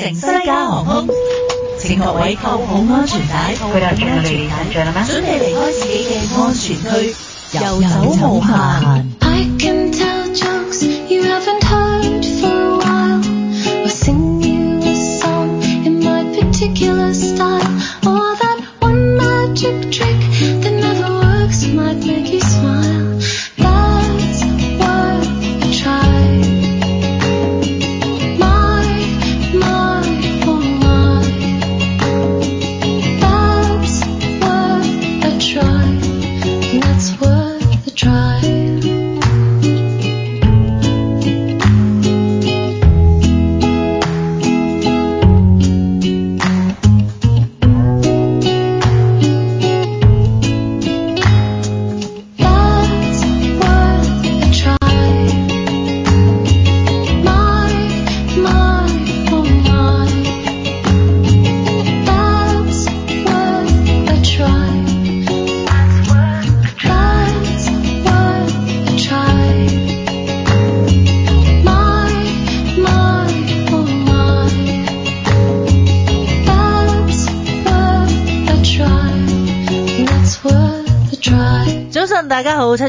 城西加航空， 請各位扣好安全帶。佢又着住眼鏡啦咩？準備離開自己嘅安全區，遊走無限。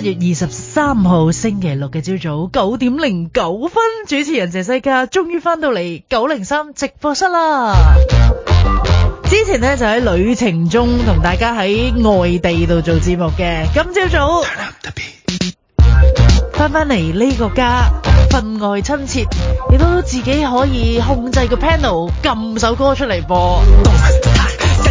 七月二十三號星期六嘅朝早九點零九分，主持人謝茜嘉終於翻到嚟九零三直播室啦。 之前呢，就喺旅程中同大家喺外地度做節目嘅，今朝早翻翻嚟呢個家，分外親切。亦都自己可以控制個 panel，撳首歌出嚟播。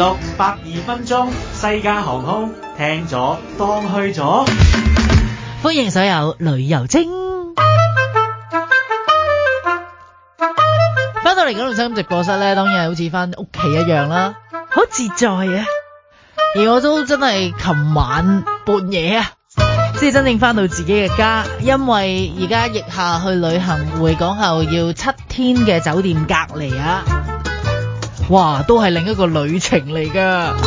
六百二分鐘，西加航空聽咗當去咗。歡迎所有旅遊精。翻到嚟嗰個錄音直播室咧，當然係好似翻屋企一樣啦，好自在啊！而我都真係琴晚半夜啊，先係真正翻到自己嘅家，因為而家疫下去旅行，回港後要七天嘅酒店隔離啊。哇，都係另一個旅程嚟噶。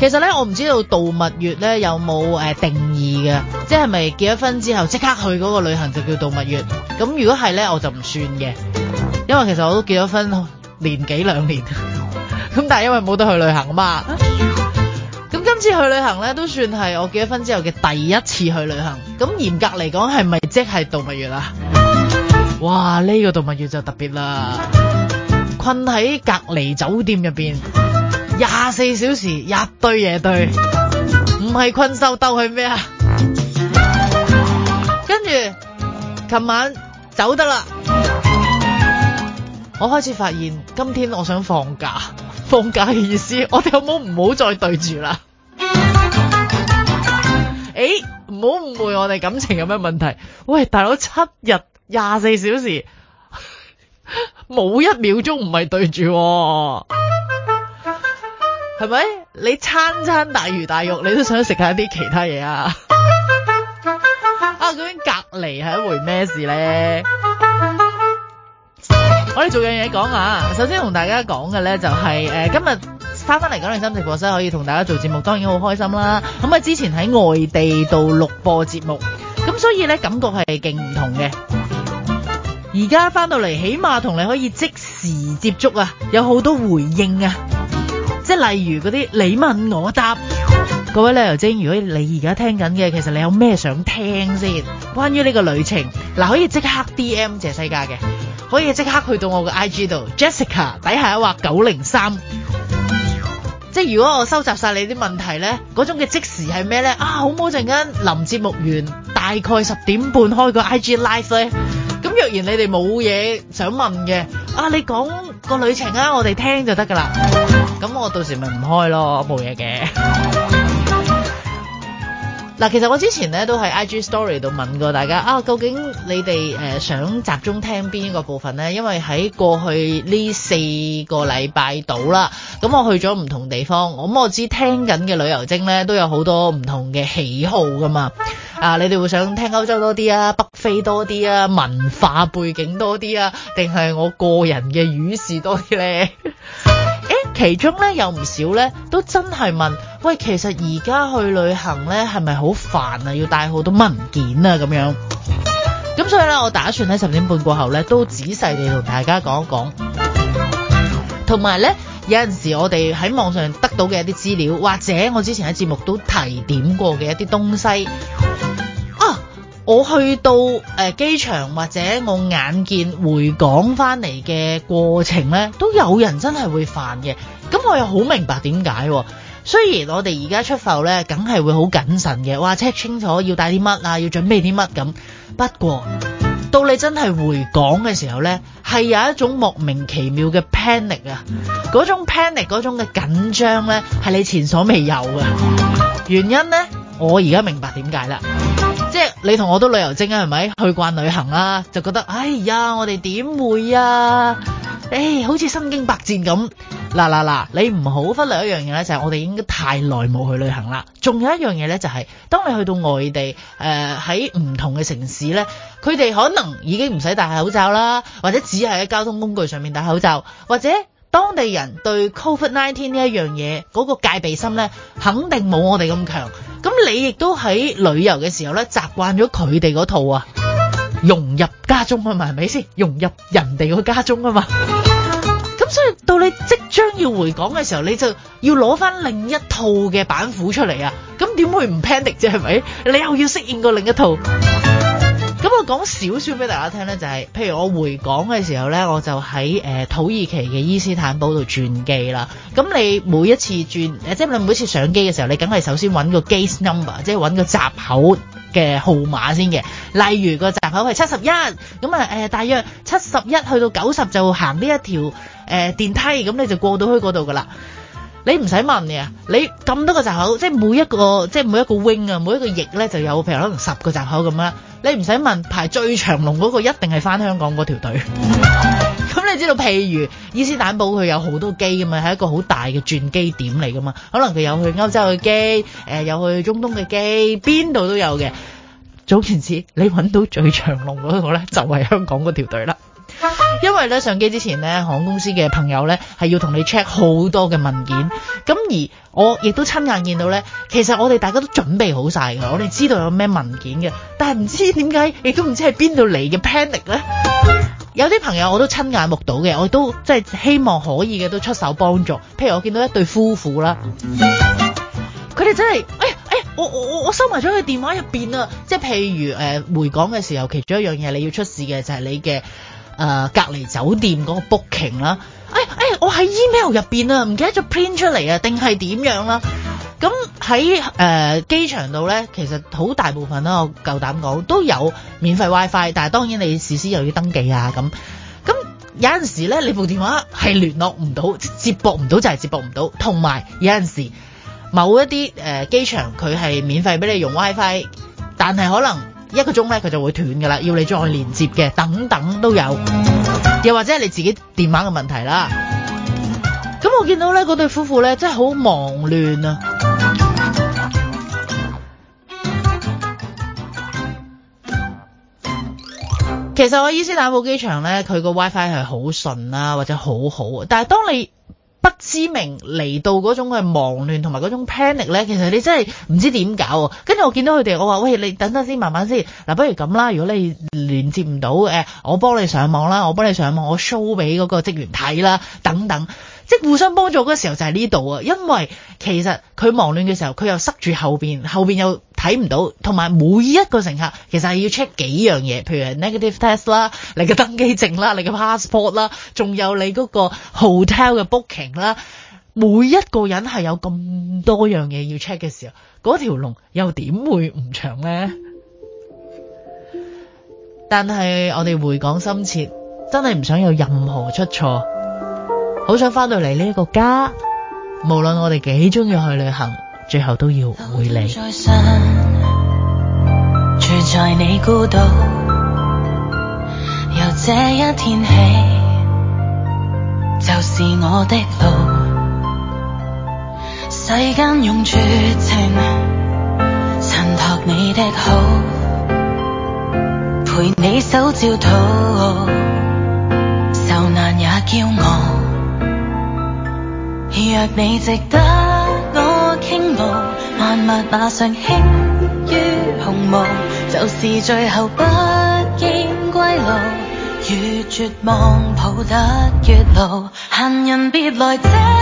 其實呢，我唔知道度蜜月呢有冇誒、呃、定義嘅，即係咪結咗婚之後即刻去嗰個旅行就叫度蜜月？咁如果係呢，我就唔算嘅，因為其實我都結咗婚年幾兩年，咁 但係因為冇得去旅行啊嘛。咁今次去旅行呢都算係我結咗婚之後嘅第一次去旅行。咁嚴格嚟講，係咪即係度蜜月啊？哇！呢個動物園就特別啦，困喺隔離酒店入邊，廿四小時日對夜對，唔係困獸鬥係咩啊？跟住琴晚走得啦，我開始發現今天我想放假，放假嘅意思，我哋有冇唔好再對住啦？誒，唔好誤會我哋感情有咩問題？喂，大佬七日。廿四小時冇 一秒鐘唔係對住、哦，係咪？你餐餐大魚大肉，你都想食下啲其他嘢啊？ 啊！究竟隔離係一回咩事咧？ 我哋做樣嘢講啊！首先同大家講嘅咧就係、是、誒、呃，今日翻翻嚟港麗新直播室，可以同大家做節目，當然好開心啦。咁、嗯、啊，之前喺外地度錄播節目，咁所以咧感覺係勁唔同嘅。而家翻到嚟，起碼同你可以即時接觸啊，有好多回應啊，即係例如嗰啲你問我答。 各位旅遊精，如果你而家聽緊嘅，其實你有咩想聽先？ 關於呢個旅程，嗱，可以即刻 D M 謝西加嘅，可以即刻去到我嘅 I G 度 Jessica 底下一劃九零三。即係如果我收集晒你啲問題呢，嗰種嘅即時係咩呢？啊，好唔好？陣間臨節目完，大概十點半開個 I G live 呢。咁若然你哋冇嘢想問嘅啊，你講個旅程啊，我哋聽就得噶啦。咁我到時咪唔開咯，冇嘢嘅。嗱， 其實我之前咧都喺 IG Story 度問過大家啊，究竟你哋誒想集中聽邊一個部分呢？因為喺過去呢四個禮拜到啦，咁我去咗唔同地方，咁我知聽緊嘅旅遊精呢都有好多唔同嘅喜好噶嘛。啊！你哋會想聽歐洲多啲啊，北非多啲啊，文化背景多啲啊，定係我個人嘅語事多啲咧？誒， 其中咧有唔少咧都真係問喂，其實而家去旅行咧係咪好煩啊？要帶好多文件啊，咁樣。咁所以咧我打算喺十點半過後咧都仔細地同大家講一講，同埋咧有陣時我哋喺網上得到嘅一啲資料，或者我之前喺節目都提點過嘅一啲東西。啊！我去到誒、呃、機場或者我眼見回港翻嚟嘅過程咧，都有人真係會煩嘅。咁我又好明白點解、哦。雖然我哋而家出埠咧，梗係會好謹慎嘅，哇 check 清楚要帶啲乜啊，要準備啲乜咁。不過到你真係回港嘅時候咧，係有一種莫名其妙嘅 panic 啊，嗰種 panic 嗰種嘅緊張咧，係你前所未有㗎。原因咧，我而家明白點解啦。即係你同我都旅遊精啊，係咪？去慣旅行啦、啊，就覺得哎呀，我哋點會呀、啊？誒、哎，好似身經百戰咁。嗱嗱嗱，你唔好忽略一樣嘢呢，就係、是、我哋已經太耐冇去旅行啦。仲有一樣嘢呢、就是，就係當你去到外地，誒喺唔同嘅城市呢，佢哋可能已經唔使戴口罩啦，或者只係喺交通工具上面戴口罩，或者當地人對 COVID-19 呢一樣嘢嗰、那個戒備心呢，肯定冇我哋咁強。咁你亦都喺旅遊嘅時候咧，習慣咗佢哋嗰套啊，融入家中啊嘛，係咪先？融入人哋個家中啊嘛。咁所以到你即將要回港嘅時候，你就要攞翻另一套嘅板斧出嚟啊！咁點會唔 panic 啫？係咪？你又要適應過另一套。咁我講少少俾大家聽咧，就係、是、譬如我回港嘅時候咧，我就喺誒、呃、土耳其嘅伊斯坦堡度轉機啦。咁你每一次轉誒，即係你每一次上機嘅時候，你梗係首先揾個 gate number，即係揾個閘口嘅號碼先嘅。例如個閘口係七十一咁啊，誒、呃、大約七十一去到九十就行呢一條誒、呃、電梯，咁你就過到去嗰度㗎啦。你唔使問㗎，你咁多個閘口，即係每一個即係每一個 wing 啊，每一個翼咧就有譬如可能十個閘口咁啦。你唔使問排最長龍個一定係返香港條隊，隊，咁 你知道譬如伊斯坦堡佢有好多機咁啊，係一個好大嘅轉機點嚟噶嘛，可能佢有去歐洲嘅機，誒、呃、有去中東嘅機，邊度都有嘅。總言之你揾到最長龍個咧，就係、是、香港條隊隊啦。因為咧上機之前咧，航空公司嘅朋友咧係要同你 check 好多嘅文件。咁而我亦都親眼見到咧，其實我哋大家都準備好晒噶，我哋知道有咩文件嘅，但係唔知點解，亦都唔知係邊度嚟嘅 panic 咧。有啲朋友我都親眼目睹嘅，我都真係希望可以嘅都出手幫助。譬如我見到一對夫婦啦，佢哋真係誒誒，我我我我收埋咗佢電話入邊啊！即係譬如誒、呃、回港嘅時候，其中一樣嘢你要出示嘅就係、是、你嘅。誒、呃、隔離酒店嗰個 booking 啦、哎，哎哎，我喺 email 入邊啊，唔記得咗 print 出嚟啊，定係點樣啦？咁喺誒機場度咧，其實好大部分咧，我夠膽講都有免費 WiFi，但係當然你事先又要登記啊咁。咁有陣時咧，你部電話係聯絡唔到，接駁唔到就係、是、接駁唔到。同埋有陣時某一啲誒、呃、機場佢係免費俾你用 WiFi，但係可能，一個鐘咧，佢就會斷㗎喇，要你再連接嘅，等等都有，又或者係你自己電話嘅問題啦。咁我見到咧，嗰對夫婦咧，真係好忙亂啊。 其實我喺伊斯坦堡機場咧，佢個 WiFi 係好順啊，或者好好啊。但係當你不知名嚟到嗰種嘅忙亂同埋嗰種 panic 呢，其實你真係唔知點搞喎。跟住我見到佢哋，我話：喂，你等陣先，慢慢先。嗱、啊，不如咁啦，如果你連接唔到，誒、呃，我幫你上網啦，我幫你上網，我 show 俾嗰個職員睇啦，等等。即互相幫助嗰時候就係呢度啊，因為其實佢忙亂嘅時候，佢又塞住後邊，後邊又睇唔到，同埋每一個乘客其實係要 check 幾樣嘢，譬如係 negative test 啦，你嘅登機證啦，你嘅 passport 啦，仲有你嗰個 hotel 嘅 booking 啦，每一個人係有咁多樣嘢要 check 嘅時候，嗰條龍又點會唔長呢？但係我哋回港心切，真係唔想有任何出錯。好想翻到嚟呢一個家，無論我哋幾鍾意去旅行，最後都要回嚟。住在你孤島，由這一天起，就是我嘅路。世間用絕情襯托你的好，陪你手照顧，受難也驕傲。若你值得我傾慕，萬物馬上輕於鴻毛，就是最後不見歸路，越絕望抱得越牢。行人別來這。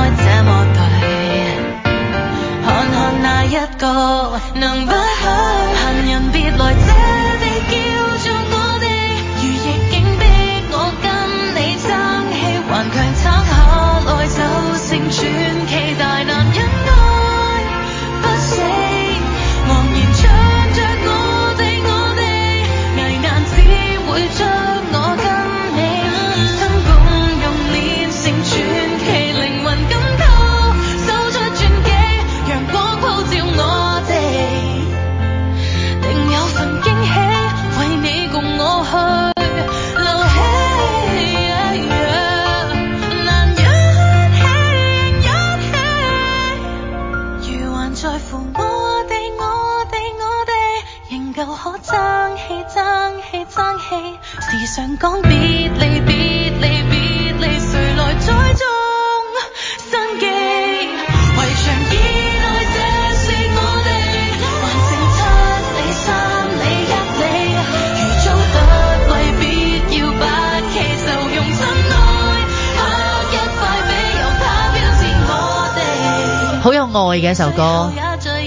愛嘅一首歌，也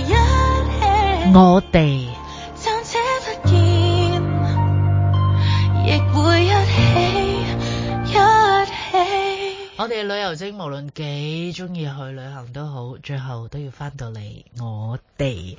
一我哋的。 我哋嘅旅遊精，無論幾中意去旅行都好，最後都要翻到嚟，我哋。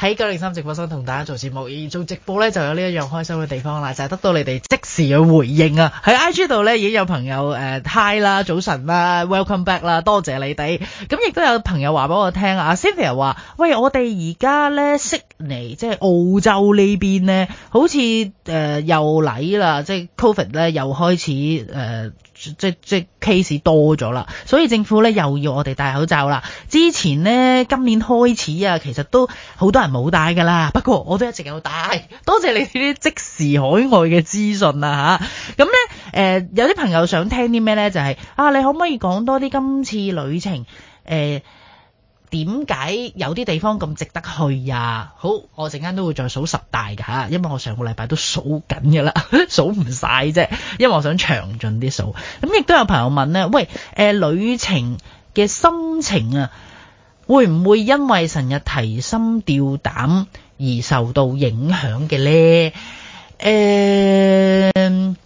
喺九零三直播室同大家做節目，而做直播呢就有呢一樣開心嘅地方啦，就係、是、得到你哋即時嘅回應啊！喺 I G 度呢，已經有朋友誒 hi、呃、啦，早晨啦，welcome back 啦，多謝你哋。咁、嗯、亦都有朋友話俾我聽啊，Cynthia 話：喂，我哋而家呢悉尼即係澳洲呢邊呢，好似誒、呃、又嚟啦，即係 Covid 咧又開始誒。呃即即 case 多咗啦，所以政府呢又要我哋戴口罩啦。之前呢，今年開始啊，其實都好多人冇戴噶啦。不過我都一直有戴，多謝你啲即時海外嘅資訊啊嚇。咁、啊、呢，誒、嗯呃，有啲朋友想聽啲咩呢？就係、是、啊，你可唔可以講多啲今次旅程誒？呃點解有啲地方咁值得去呀？好，我陣間都會再數十大噶吓，因為我上個禮拜都數緊噶啦，數唔晒啫。因為我想詳盡啲數咁，亦都有朋友問呢，喂，誒、呃，旅程嘅心情啊，會唔會因為成日提心吊膽而受到影響嘅呢？呃，誒，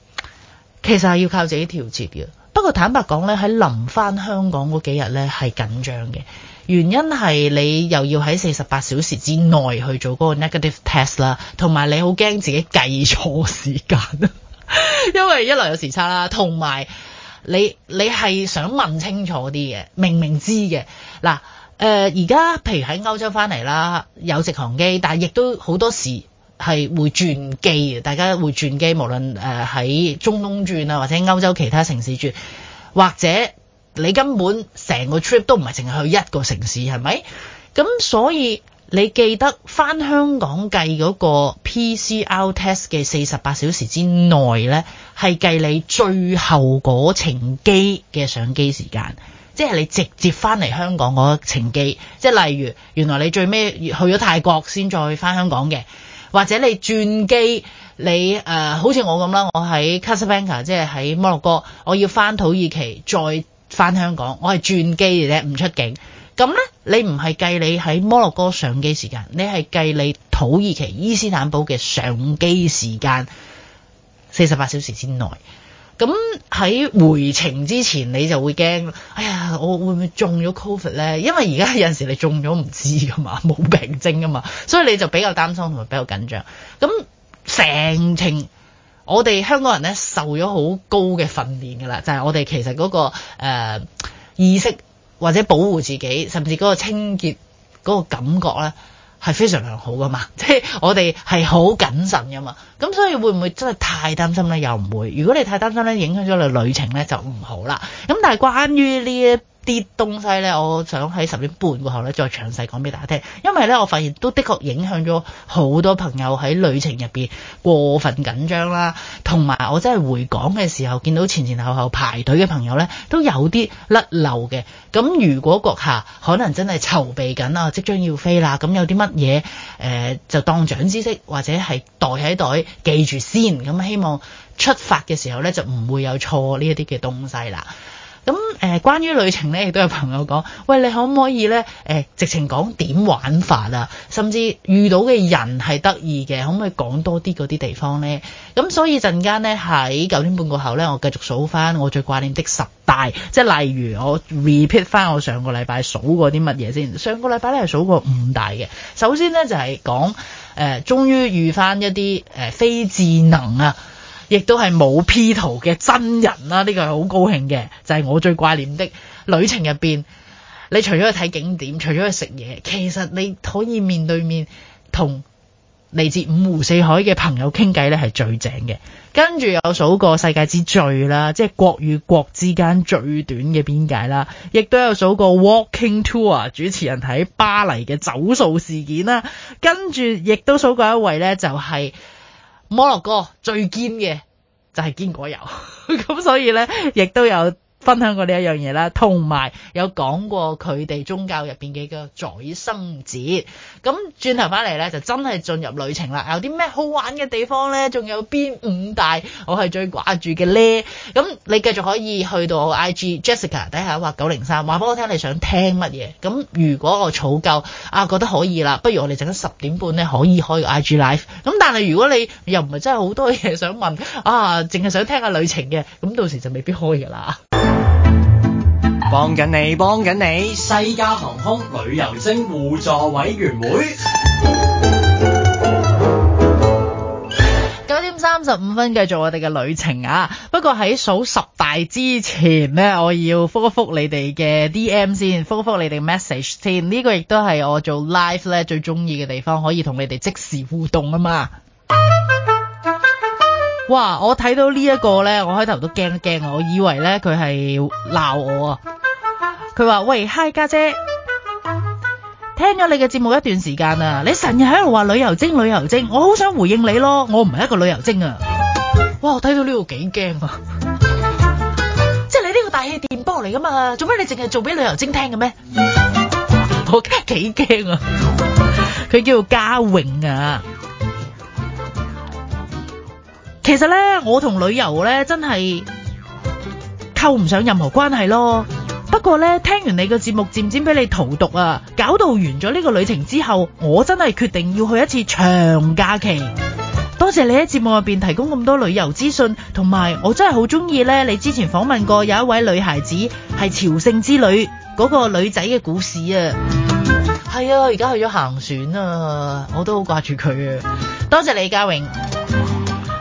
其實係要靠自己調節嘅。不過坦白講呢，喺臨翻香港嗰幾日呢，係緊張嘅。原因係你又要喺四十八小時之內去做嗰個 negative test 啦，同埋你好驚自己計錯時間， 因為一來有時差啦，同埋你你係想問清楚啲嘅，明明知嘅，嗱，誒而家譬如喺歐洲翻嚟啦，有直航機，但係亦都好多時係會轉機，大家會轉機，無論誒喺中東轉啊，或者喺歐洲其他城市轉，或者。你根本成個 trip 都唔係淨係去一個城市，係咪咁？所以你記得翻香港計嗰個 PCR test 嘅四十八小時之內咧，係計你最後嗰程機嘅上機時間，即係你直接翻嚟香港嗰程機，即係例如原來你最尾去咗泰國先再翻香港嘅，或者你轉機你誒、呃、好似我咁啦，我喺 Casablanca 即係喺摩洛哥，我要翻土耳其再。翻香港，我係轉機嚟啫，唔出境。咁呢，你唔係計你喺摩洛哥上機時間，你係計你土耳其伊斯坦堡嘅上機時間，四十八小時之內。咁喺回程之前，你就會驚，哎呀，我會唔會中咗 Covid 呢？因為而家有時你中咗唔知噶嘛，冇病徵噶嘛，所以你就比較擔心同埋比較緊張。咁成程。我哋香港人咧受咗好高嘅訓練㗎啦，就係、是、我哋其實嗰、那個、呃、意識或者保護自己，甚至嗰個清潔嗰個感覺咧係非常良好噶嘛，即係我哋係好謹慎噶嘛，咁所以會唔會真係太擔心咧？又唔會。如果你太擔心咧，影響咗你旅程咧就唔好啦。咁但係關於呢一啲東西呢，我想喺十點半過後咧再詳細講俾大家聽，因為呢，我發現都的確影響咗好多朋友喺旅程入邊過分緊張啦，同埋我真係回港嘅時候見到前前後後排隊嘅朋友呢，都有啲甩漏嘅，咁如果閣下可能真係籌備緊啊，即將要飛啦，咁有啲乜嘢誒就當長知識或者係袋喺袋記住先，咁希望出發嘅時候呢，就唔會有錯呢一啲嘅東西啦。咁誒、呃，關於旅程咧，亦都有朋友講，「喂，你可唔可以咧誒、呃，直情講點玩法啊，甚至遇到嘅人係得意嘅，可唔可以講多啲嗰啲地方呢？」咁所以陣間咧喺九點半過後咧，我繼續數翻我最掛念的十大，即係例如我 repeat 翻我上個禮拜數過啲乜嘢先。上個禮拜咧係數過五大嘅，首先咧就係講誒，終於遇翻一啲誒、呃、非智能啊。亦都係冇 P 圖嘅真人啦，呢個係好高興嘅，就係、是、我最掛念的旅程入邊，你除咗去睇景點，除咗去食嘢，其實你可以面對面同嚟自五湖四海嘅朋友傾偈，呢係最正嘅。跟住有數過世界之最啦，即係國與國之間最短嘅邊界啦，亦都有數過 Walking Tour 主持人喺巴黎嘅走數事件啦，跟住亦都數過一位呢，就係、是。摩洛哥最堅嘅就係堅果油，咁 所以咧亦都有分享過呢一樣嘢啦，同埋有,有講過佢哋宗教入邊嘅個在生節。咁轉頭翻嚟呢，就真係進入旅程啦。有啲咩好玩嘅地方呢？仲有邊五大我係最掛住嘅呢？咁你繼續可以去到我 IG Jessica 底下話九零三話，畀我聽你想聽乜嘢？咁如果我儲夠啊，覺得可以啦，不如我哋陣間十點半呢，可以開個 IG Live。咁但係如果你又唔係真係好多嘢想問啊，淨係想聽下旅程嘅，咁到時就未必開㗎啦。幫緊你，幫緊你，西加航空旅遊精互助委員會，九點三十五分，繼續我哋嘅旅程啊！不過喺數十大之前呢，我要覆一覆你哋嘅 DM 先，覆一覆你哋 message 先。呢個亦都係我做 live 咧最中意嘅地方，可以同你哋即時互動啊嘛。哇！我睇到呢、這、一個咧，我開頭都驚一驚啊！我以為咧佢係鬧我啊！佢話：喂，嗨家姐，姐，聽咗你嘅節目一段時間啊。你成日喺度話旅遊精旅遊精，我好想回應你咯！我唔係一個旅遊精啊！哇！我睇到呢個幾驚啊！ 即係你呢個大氣電波嚟噶嘛？做咩你淨係做俾旅遊精聽嘅咩？我幾驚啊！佢 叫做嘉穎啊！其實咧，我同旅遊咧真係扣唔上任何關係咯。不過咧，聽完你嘅節目，漸漸俾你荼毒啊！搞到完咗呢個旅程之後，我真係決定要去一次長假期。多謝你喺節目入邊提供咁多旅遊資訊，同埋我真係好中意咧你之前訪問過有一位女孩子係朝聖之旅嗰、那個女仔嘅故事啊！係、嗯、啊，而家去咗行船啊，我都好掛住佢啊！多謝李嘉榮。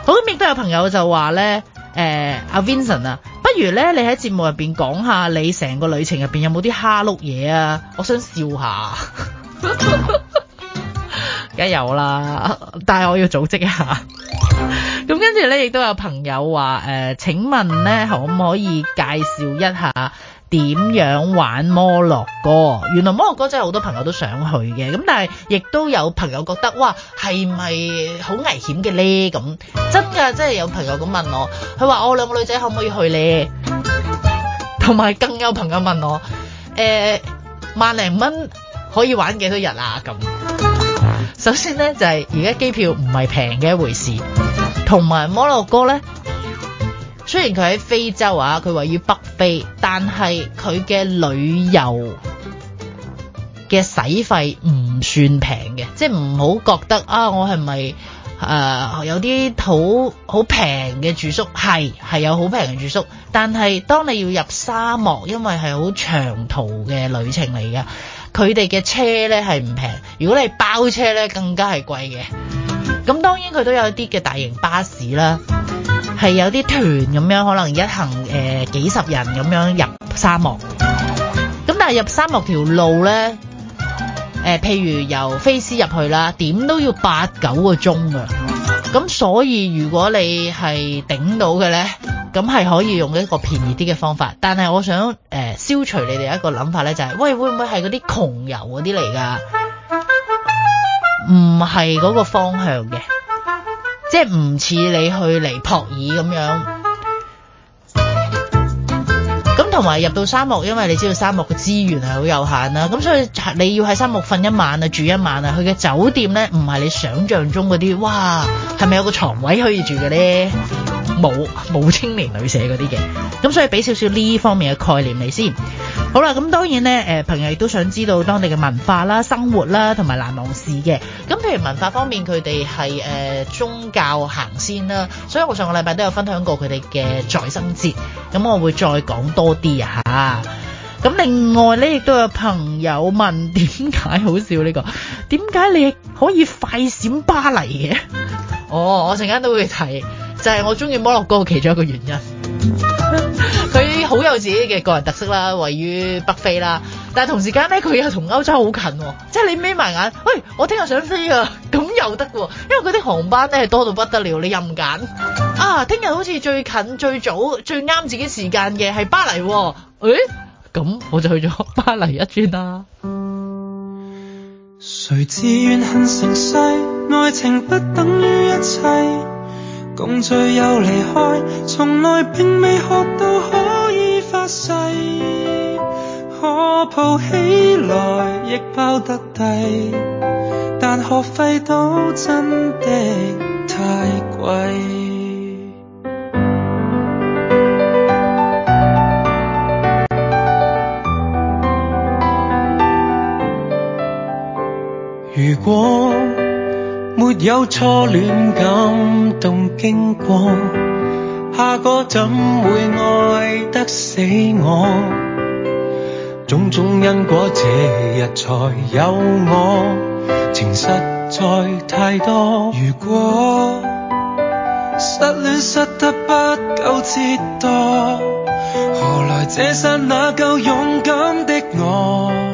好，咁亦都有朋友就話咧，誒阿 Vinson 啊，不如咧你喺節目入邊講下你成個旅程入邊有冇啲蝦碌嘢啊？我想笑下，梗 係有啦，但係我要組織一下。咁 跟住咧，亦都有朋友話誒、呃，請問咧可唔可以介紹一下？點樣玩摩洛哥？原來摩洛哥真係好多朋友都想去嘅，咁但係亦都有朋友覺得，哇，係咪好危險嘅呢？咁真㗎，真係有朋友咁問我，佢話我兩個女仔可唔可以去呢？同埋更有朋友問我，誒、呃，萬零蚊可以玩幾多日啊？咁首先呢，就係而家機票唔係平嘅一回事，同埋摩洛哥呢。雖然佢喺非洲啊，佢位於北非，但係佢嘅旅遊嘅使費唔算平嘅，即係唔好覺得啊，我係咪誒有啲好好平嘅住宿？係係有好平嘅住宿，但係當你要入沙漠，因為係好長途嘅旅程嚟嘅，佢哋嘅車呢係唔平，如果你包車呢，更加係貴嘅。咁當然佢都有啲嘅大型巴士啦。係有啲團咁樣，可能一行誒、呃、幾十人咁樣入沙漠。咁但係入沙漠條路呢，誒、呃、譬如由菲斯入去啦，點都要八九個鐘㗎。咁所以如果你係頂到嘅呢，咁係可以用一個便宜啲嘅方法。但係我想誒、呃、消除你哋一個諗法呢，就係，就係喂，會唔會係嗰啲窮遊嗰啲嚟㗎？唔係嗰個方向嘅。即係唔似你去尼泊爾咁樣，咁同埋入到沙漠，因為你知道沙漠嘅資源係好有限啦，咁所以你要喺沙漠瞓一晚啊，住一晚啊，佢嘅酒店咧，唔係你想象中嗰啲，哇，係咪有個床位可以住嘅咧？冇冇青年旅社嗰啲嘅，咁所以俾少少呢方面嘅概念嚟先。好啦，咁當然咧，誒、呃、朋友亦都想知道當地嘅文化啦、生活啦同埋難忘事嘅。咁譬如文化方面，佢哋係誒宗教行先啦，所以我上個禮拜都有分享過佢哋嘅再生節，咁我會再講多啲嚇、啊。咁另外咧，亦都有朋友問點解好笑呢、呢個？點解你可以快閃巴黎嘅？哦，我陣間都會提，就係、係、我中意摩洛哥嘅其中一個原因。 好有自己嘅個人特色啦，位於北非啦，但係同時間咧，佢又同歐洲好近喎、啊，即係你眯埋眼，喂，我聽日想飛啊，咁又得喎、啊，因為佢啲航班咧係多到不得了，你任揀啊，聽、啊、日好似最近、最早、最啱自己時間嘅係巴黎喎、啊，誒、欸，咁我就去咗巴黎一轉啦、啊。誰自共聚又離開，從來並未學到可以發誓，可抱起來亦抱得低，但學費都真的太貴。 如果沒有初戀感動經過，下個怎會愛得死我？種種因果這日才有我，情實在太多。如果失戀失得不夠折墮，何來這剎那夠勇敢的我？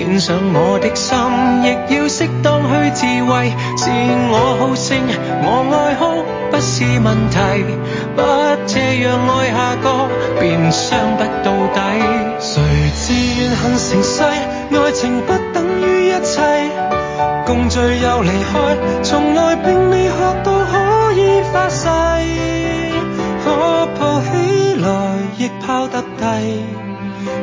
獻上我的心，亦要適當去自衛。是我好勝，我愛哭不是問題。不這樣愛下個，便傷不到底。誰自怨恨成世，愛情不等於一切。共聚又離開，從來並未學到可以發誓。可抱起來，亦拋得低。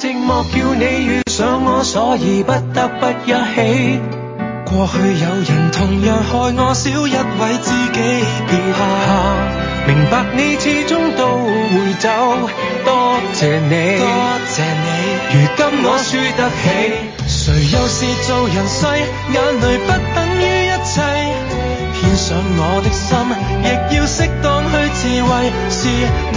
寂寞叫你遇上我，所以不得不一起。過去有人同樣害我少一位知己，別怕，明白你始終都會走。多謝你，多謝你，如今我輸得起。誰又是做人世眼淚不等於一切？獻上我的心，亦要適當去自衛。是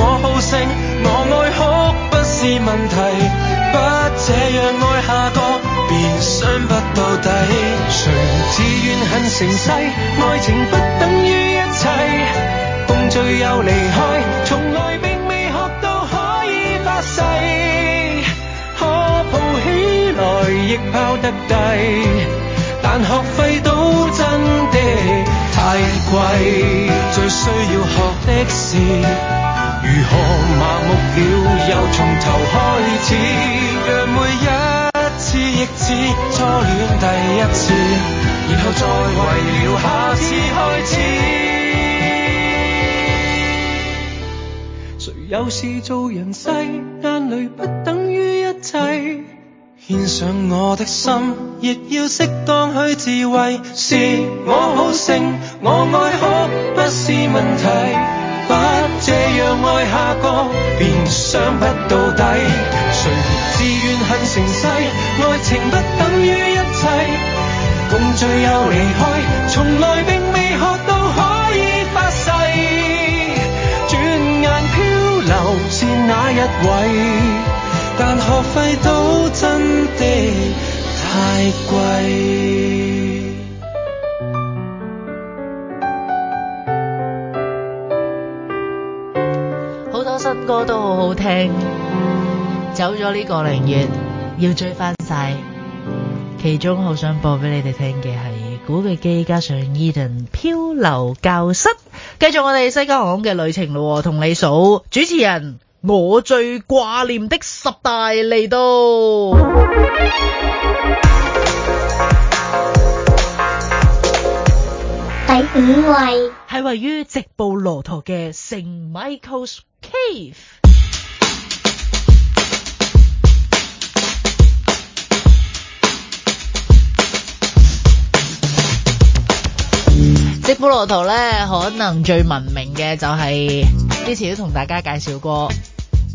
我好勝，我愛哭不是問題。不這樣愛下個，便傷不到底。誰自願恨成世，愛情不等於一切。共聚又離開，從來並未學到可以發誓。可抱起來，亦拋得低，但學費都真的太貴。最需要學的是。如何麻木了又從頭開始？讓每一次亦似初戀第一次，然後再為了下次開始。誰有事做人世，眼淚不等於一切。獻上我的心，亦要適當去智慧。是我好勝，我愛哭，不是問題。讓愛下個便傷不到底，誰自願恨成世，愛情不等於一切，共聚又離開，從來並未學到可以發誓，轉眼漂流是那一位？但學費都真的太貴。歌都好好聽，走咗呢個零月，要追翻晒。其中好想播俾你哋聽嘅係《古巨基》加上 Edan 漂流教室》，繼續我哋西加航空嘅旅程咯，同你數主持人我最掛念的十大嚟到。 第五位，係位於直布羅陀嘅聖 Michael's Cave。直布羅陀咧，可能最文明嘅就係、是、之前都同大家介紹過，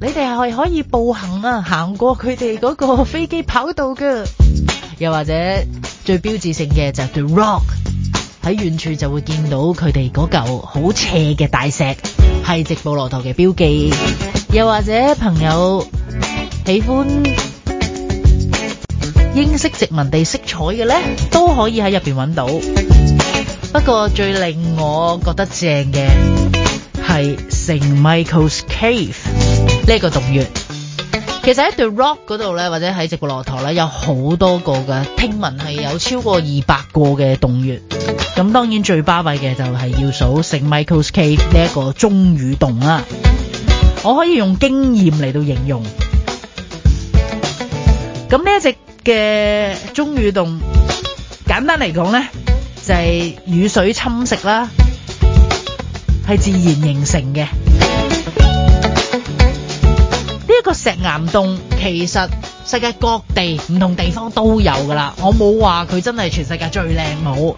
你哋係可以步行啊，行過佢哋嗰個飛機跑道噶，又或者最標誌性嘅就係 The Rock。喺遠處就會見到佢哋嗰嚿好斜嘅大石，係直布羅陀嘅標記。又或者朋友喜歡英式殖民地色彩嘅咧，都可以喺入邊揾到。不過最令我覺得正嘅係聖 Michael's Cave 呢個洞穴。其實喺 The Rock 嗰度咧，或者喺直布羅陀咧，有好多個嘅。聽聞係有超過二百個嘅洞穴。咁當然最巴閉嘅就係要數 St. Michael’s Cave 呢一個鐘乳洞啦。我可以用經驗嚟到形容。咁呢一隻嘅鐘乳洞，簡單嚟講咧，就係、是、雨水侵蝕啦，係自然形成嘅。呢、這、一個石岩洞其實世界各地唔同地方都有㗎啦。我冇話佢真係全世界最靚冇。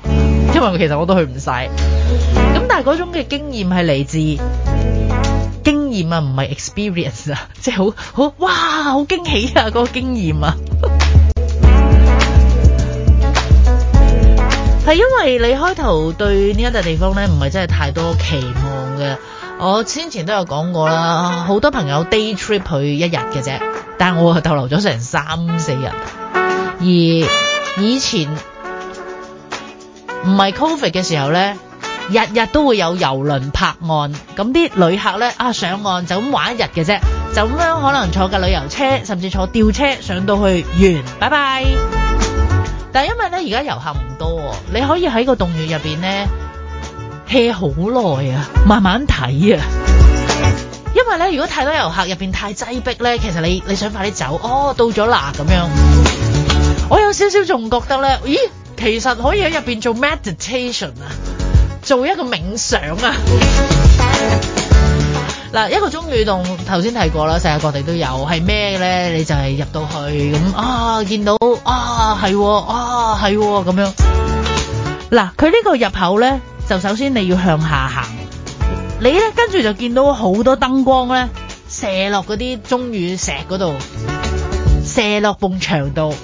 因為其實我都去唔晒，咁但係嗰種嘅經驗係嚟自經驗啊，唔係 experience 啊，即係好好哇，好驚喜啊嗰個經驗啊，係 因為你開頭對呢一笪地方咧，唔係真係太多期望嘅。我先前都有講過啦，好多朋友 day trip 去一日嘅啫，但係我係逗留咗成三四日，而以前。唔係 Covid 嘅時候咧，日日都會有遊輪泊岸，啊、岸，咁啲旅客咧，啊上岸就咁玩一日嘅啫，就咁樣可能坐架旅遊車，甚至坐吊車上到去完，拜拜。但係因為咧而家遊客唔多，你可以喺個洞穴入邊咧 hea 好耐啊，慢慢睇啊。因為咧如果太多遊客入邊太擠迫咧，其實你你想快啲走，哦，到咗啦咁樣。我有少少仲覺得咧，咦？其實可以喺入邊做 meditation 啊，做一個冥想啊。嗱， 一個鐘乳洞頭先提過啦，世界各地都有，係咩咧？你就係入到去咁啊，見到啊係喎，啊係喎咁樣。嗱、啊，佢呢個入口咧，就首先你要向下行， 你咧跟住就見到好多燈光咧射落嗰啲鐘乳石嗰度，射落埲牆度。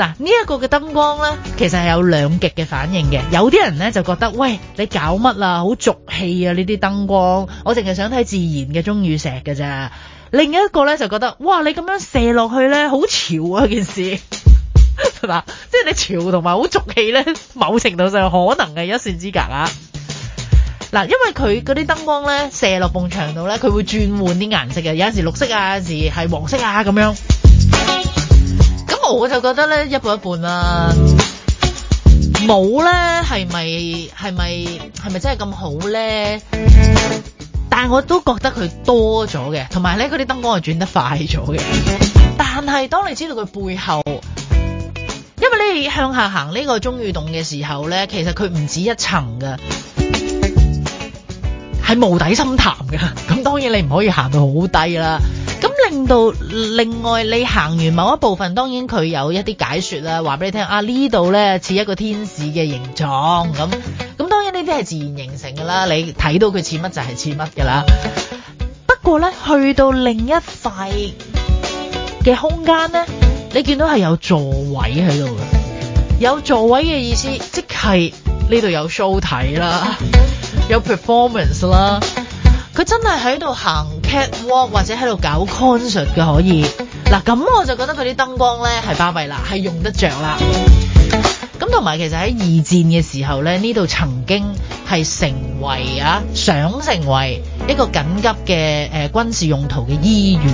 嗱，呢一個嘅燈光呢，其實係有兩極嘅反應嘅。有啲人呢，就覺得，喂，你搞乜啊？好俗氣啊！呢啲燈光，我淨係想睇自然嘅鐘乳石嘅啫。另一個呢，就覺得，哇，你咁樣射落去呢，好潮啊！件事，係 即係你潮同埋好俗氣呢，某程度上可能係一線之隔啦。嗱， 因為佢嗰啲燈光呢，射落牆度呢，佢會轉換啲顏色嘅，有陣時綠色啊，有陣時係黃色啊，咁、啊、樣。我就覺得咧一半一半啦、啊，冇咧係咪係咪係咪真係咁好咧？但係我都覺得佢多咗嘅，同埋咧嗰啲燈光係轉得快咗嘅。但係當你知道佢背後，因為你向下行呢個鐘乳洞嘅時候咧，其實佢唔止一層噶。係無底深潭噶，咁當然你唔可以行到好低啦。咁令到另外你行完某一部分，當然佢有一啲解說啦，話俾你聽啊，呢度咧似一個天使嘅形狀咁。咁當然呢啲係自然形成噶啦，你睇到佢似乜就係似乜噶啦。不過咧去到另一塊嘅空間咧，你見到係有座位喺度噶，有座位嘅意思即係呢度有 show 睇啦。有 performance 啦，佢真係喺度行 catwalk 或者喺度搞 concert 嘅可以。嗱，咁我就覺得佢啲燈光咧係巴閉啦，係用得着啦。咁同埋其實喺二戰嘅時候咧，呢度曾經係成為啊，想成為一個緊急嘅，誒、呃、軍事用途嘅醫院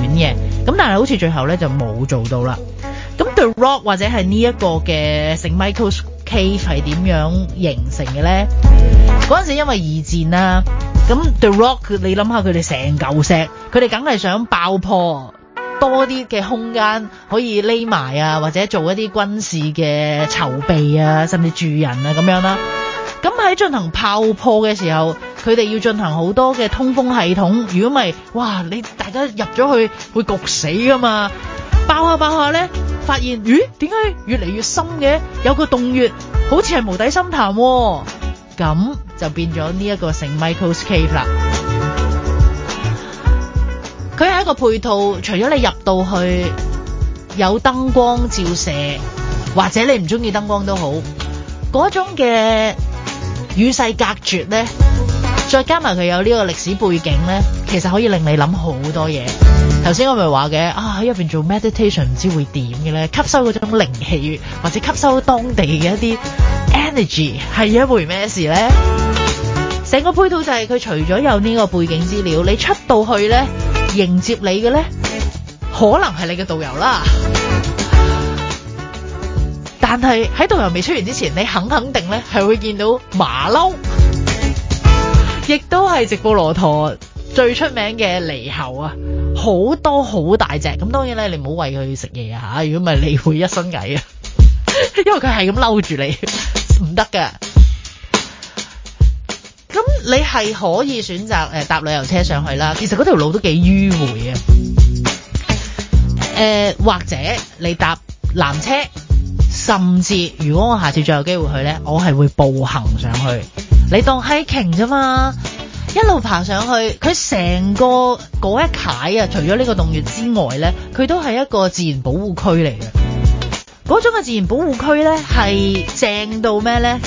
嘅。咁但係好似最後咧就冇做到啦。咁 The Rock 或者係呢一個嘅 Saint Michael's Cave 係點樣形成嘅咧？嗰陣時因為二戰啦，咁 The Rock 你諗下佢哋成嚿石，佢哋梗係想爆破多啲嘅空間可以匿埋啊，或者做一啲軍事嘅籌備啊，甚至住人啊咁樣啦。咁喺進行爆破嘅時候，佢哋要進行好多嘅通風系統。如果唔係，哇！你大家入咗去會焗死㗎嘛？爆下爆下咧，發現咦？點解越嚟越深嘅？有個洞穴好似係無底深潭喎，哦。咁就變咗呢一個成 Michael's Cave 啦。佢係一個配套，除咗你入到去有燈光照射，或者你唔鍾意燈光都好，嗰種嘅與世隔絕咧。再加埋佢有呢個歷史背景咧，其實可以令你諗好多嘢。頭先我咪話嘅啊，喺入邊做 meditation 唔知會點嘅咧，吸收嗰種靈氣，或者吸收當地嘅一啲 energy，係一回咩事咧？成個配套就係佢除咗有呢個背景資料，你出到去咧，迎接你嘅咧，可能係你嘅導遊啦。但係喺導遊未出現之前，你肯肯定咧係會見到馬騮。亦都係直布羅陀最出名嘅獼猴啊，好多好大隻，咁當然咧，你唔好餵佢食嘢啊吓，如果唔係你會一身蟻啊，因為佢係咁嬲住你，唔得嘅。咁你係可以選擇誒、呃、搭旅遊車上去啦，其實嗰條路都幾迂迴啊。誒、呃，或者你搭纜車，甚至如果我下次再有機會去咧，我係會步行上去。你當喺鯨啫嘛，一路爬上去，佢成個嗰一楷啊，除咗呢個洞穴之外咧，佢都係一個自然保護區嚟嘅。嗰 種嘅自然保護區咧，係正到咩咧？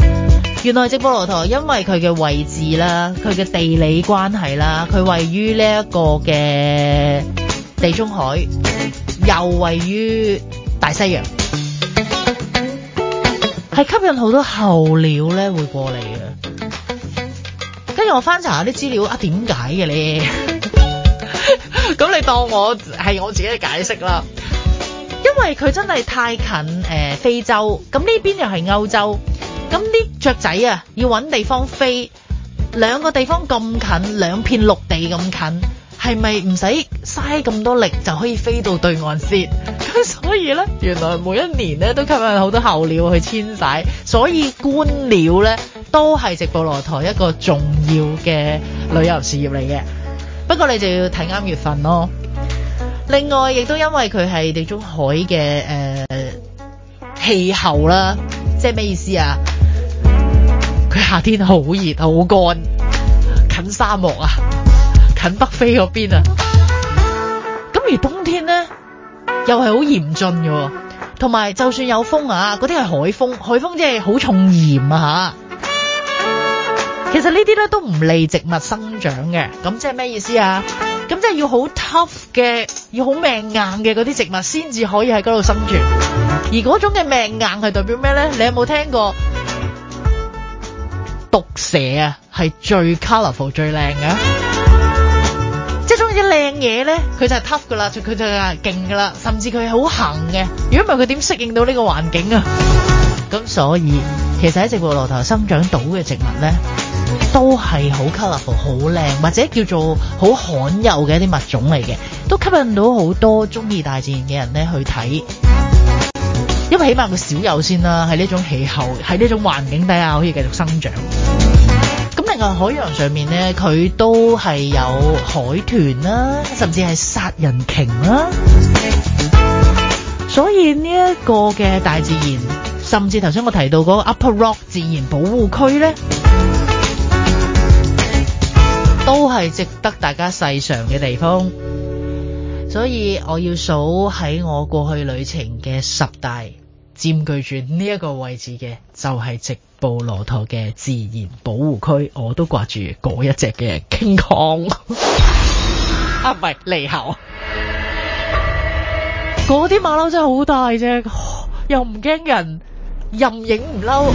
原來直布羅陀因為佢嘅位置啦，佢嘅地理關係啦，佢位於呢一個嘅地中海，又位於大西洋。係吸引好多候鳥咧，會過嚟嘅。跟住我翻查下啲資料，啊，點解嘅咧？咁 你當我係我自己嘅解釋啦。因為佢真係太近誒、呃，非洲。咁呢邊又係歐洲。咁啲雀仔啊，要搵地方飛。兩個地方咁近，兩片陸地咁近，係咪唔使嘥咁多力就可以飛到對岸先？所以咧，原來每一年咧都吸引好多候鳥去遷徙，所以觀鳥咧都係直布羅陀一個重要嘅旅遊事業嚟嘅。不過你就要睇啱月份咯。另外，亦都因為佢係地中海嘅誒、呃、氣候啦，即係咩意思啊？佢夏天好熱好乾，近沙漠啊，近北非嗰邊啊。咁而冬天。又係好嚴峻嘅，同埋就算有風啊，嗰啲係海風，海風即係好重鹽啊吓。其實呢啲咧都唔利植物生長嘅，咁即係咩意思啊？咁即係要好 tough 嘅，要好命硬嘅嗰啲植物先至可以喺嗰度生存。而嗰種嘅命硬係代表咩咧？你有冇聽過毒蛇啊？係最 colourful、最靚嘅。嘢咧，佢就係 top 噶啦，佢就係勁噶啦，甚至佢係好行嘅。如果唔係佢點適應到呢個環境啊？咁所以其實喺直布羅頭生長到嘅植物咧，都係好 colourful、好靚，或者叫做好罕有嘅一啲物種嚟嘅，都吸引到好多中意大自然嘅人咧去睇。因為起碼佢少有先啦，喺呢種氣候、喺呢種環境底下可以繼續生長。海洋上面呢，佢都係有海豚啦、啊，甚至係殺人鯨啦、啊。所以呢一個嘅大自然，甚至頭先我提到嗰個 Upper Rock 自然保護區呢，都係值得大家細嘗嘅地方。所以我要數喺我過去旅程嘅十大，佔據住呢一個位置嘅就係值布羅陀嘅自然保護區，我都掛住嗰一隻嘅 King Kong 啊，唔係獼猴。嗰啲馬騮真係好大啫，又唔驚人，任影唔嬲。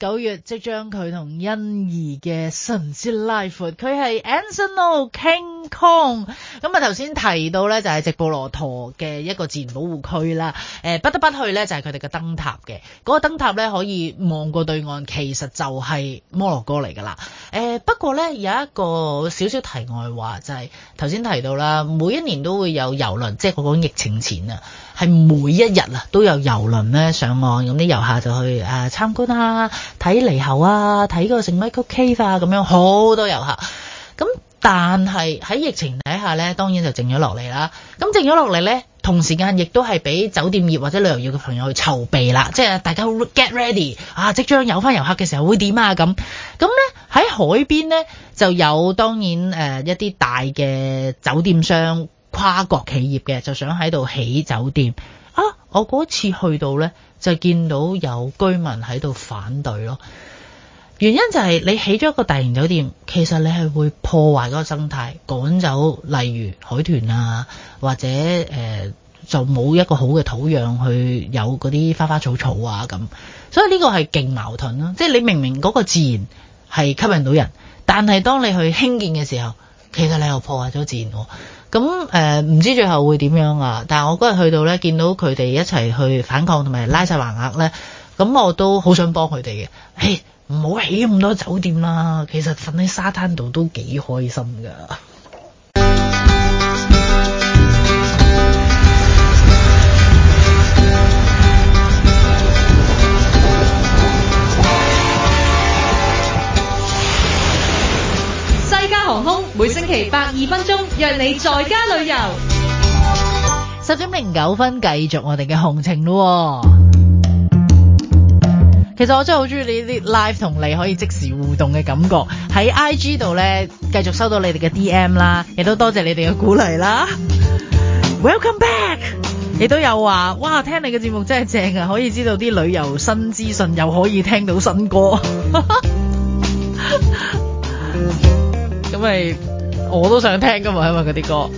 九月即將佢同欣宜嘅《神之 Life》，佢係 Antonio King Kong。咁啊，頭先提到呢，就係直布羅陀嘅一個自然保護區啦。誒，不得不去呢，就係佢哋嘅燈塔嘅。嗰個燈塔呢，可以望過對岸，其實就係摩洛哥嚟㗎啦。誒，不過呢，有一個少少題外話就係頭先提到啦，每一年都會有遊輪，即係我講疫情前啊。係每一日啊，都有遊輪咧上岸，咁啲遊客就去誒、呃、參觀啦，睇獼猴啊，睇嗰個神秘谷 cave 啊，咁樣好多遊客。咁但係喺疫情底下咧，當然就靜咗落嚟啦。咁靜咗落嚟咧，同時間亦都係俾酒店業或者旅遊業嘅朋友去籌備啦，即係大家 get ready 啊，即將有翻遊客嘅時候會點啊咁。咁咧喺海邊咧就有當然誒、呃、一啲大嘅酒店商，跨國企業嘅就想喺度起酒店啊！我嗰次去到呢，就見到有居民喺度反對咯。原因就係、是、你起咗一個大型酒店，其實你係會破壞嗰個生態，趕走例如海豚啊，或者誒、呃、就冇一個好嘅土壤去有嗰啲花花草草啊咁。所以呢個係勁矛盾咯，即係你明明嗰個自然係吸引到人，但係當你去興建嘅時候，其實你又破壞咗自然喎。咁誒，唔、呃、知最後會點樣啊？但係我嗰日去到呢，見到佢哋一齊去反抗同埋拉晒橫額呢，咁我都好想幫佢哋嘅。誒、哎，唔好起咁多酒店啦，其實瞓喺沙灘度都幾開心㗎。航空每星期百二分鐘，約你在家旅遊。十點零九分，繼續我哋嘅行程咯。其實我真係好鍾意你啲 live 同你可以即時互動嘅感覺。喺 IG 度咧，繼續收到你哋嘅 DM 啦，亦都多謝你哋嘅鼓勵啦。Welcome back！你都有話，哇，聽你嘅節目真係正啊，可以知道啲旅遊新資訊，又可以聽到新歌。 因為我都想聽噶嘛，因為嗰啲歌。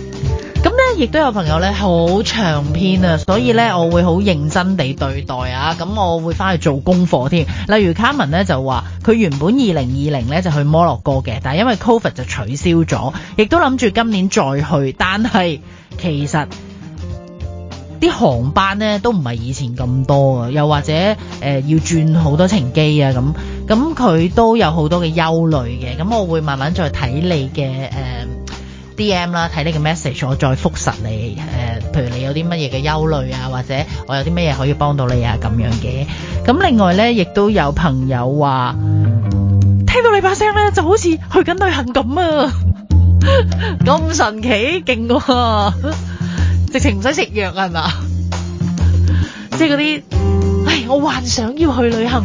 咁咧，亦都有朋友咧好長篇啊，所以咧我會好認真地對待啊。咁我會翻去做功課添。例如 Carmen 咧就話，佢原本二零二零咧就去摩洛哥嘅，但係因為 Covid 就取消咗，亦都諗住今年再去。但係其實啲航班咧都唔係以前咁多啊，又或者誒、呃、要轉好多程機啊咁。咁佢都有好多嘅憂慮嘅，咁我會慢慢再睇你嘅誒 D M 啦，睇你嘅 message，我再覆實你誒，uh, 譬如你有啲乜嘢嘅憂慮啊，或者我有啲乜嘢可以幫到你啊咁樣嘅。咁另外咧，亦都有朋友話，聽到你把聲咧就好似去緊旅行咁啊，咁 神奇勁喎，直情唔使食藥啊，係 嘛？即係嗰啲，唉，我幻想要去旅行。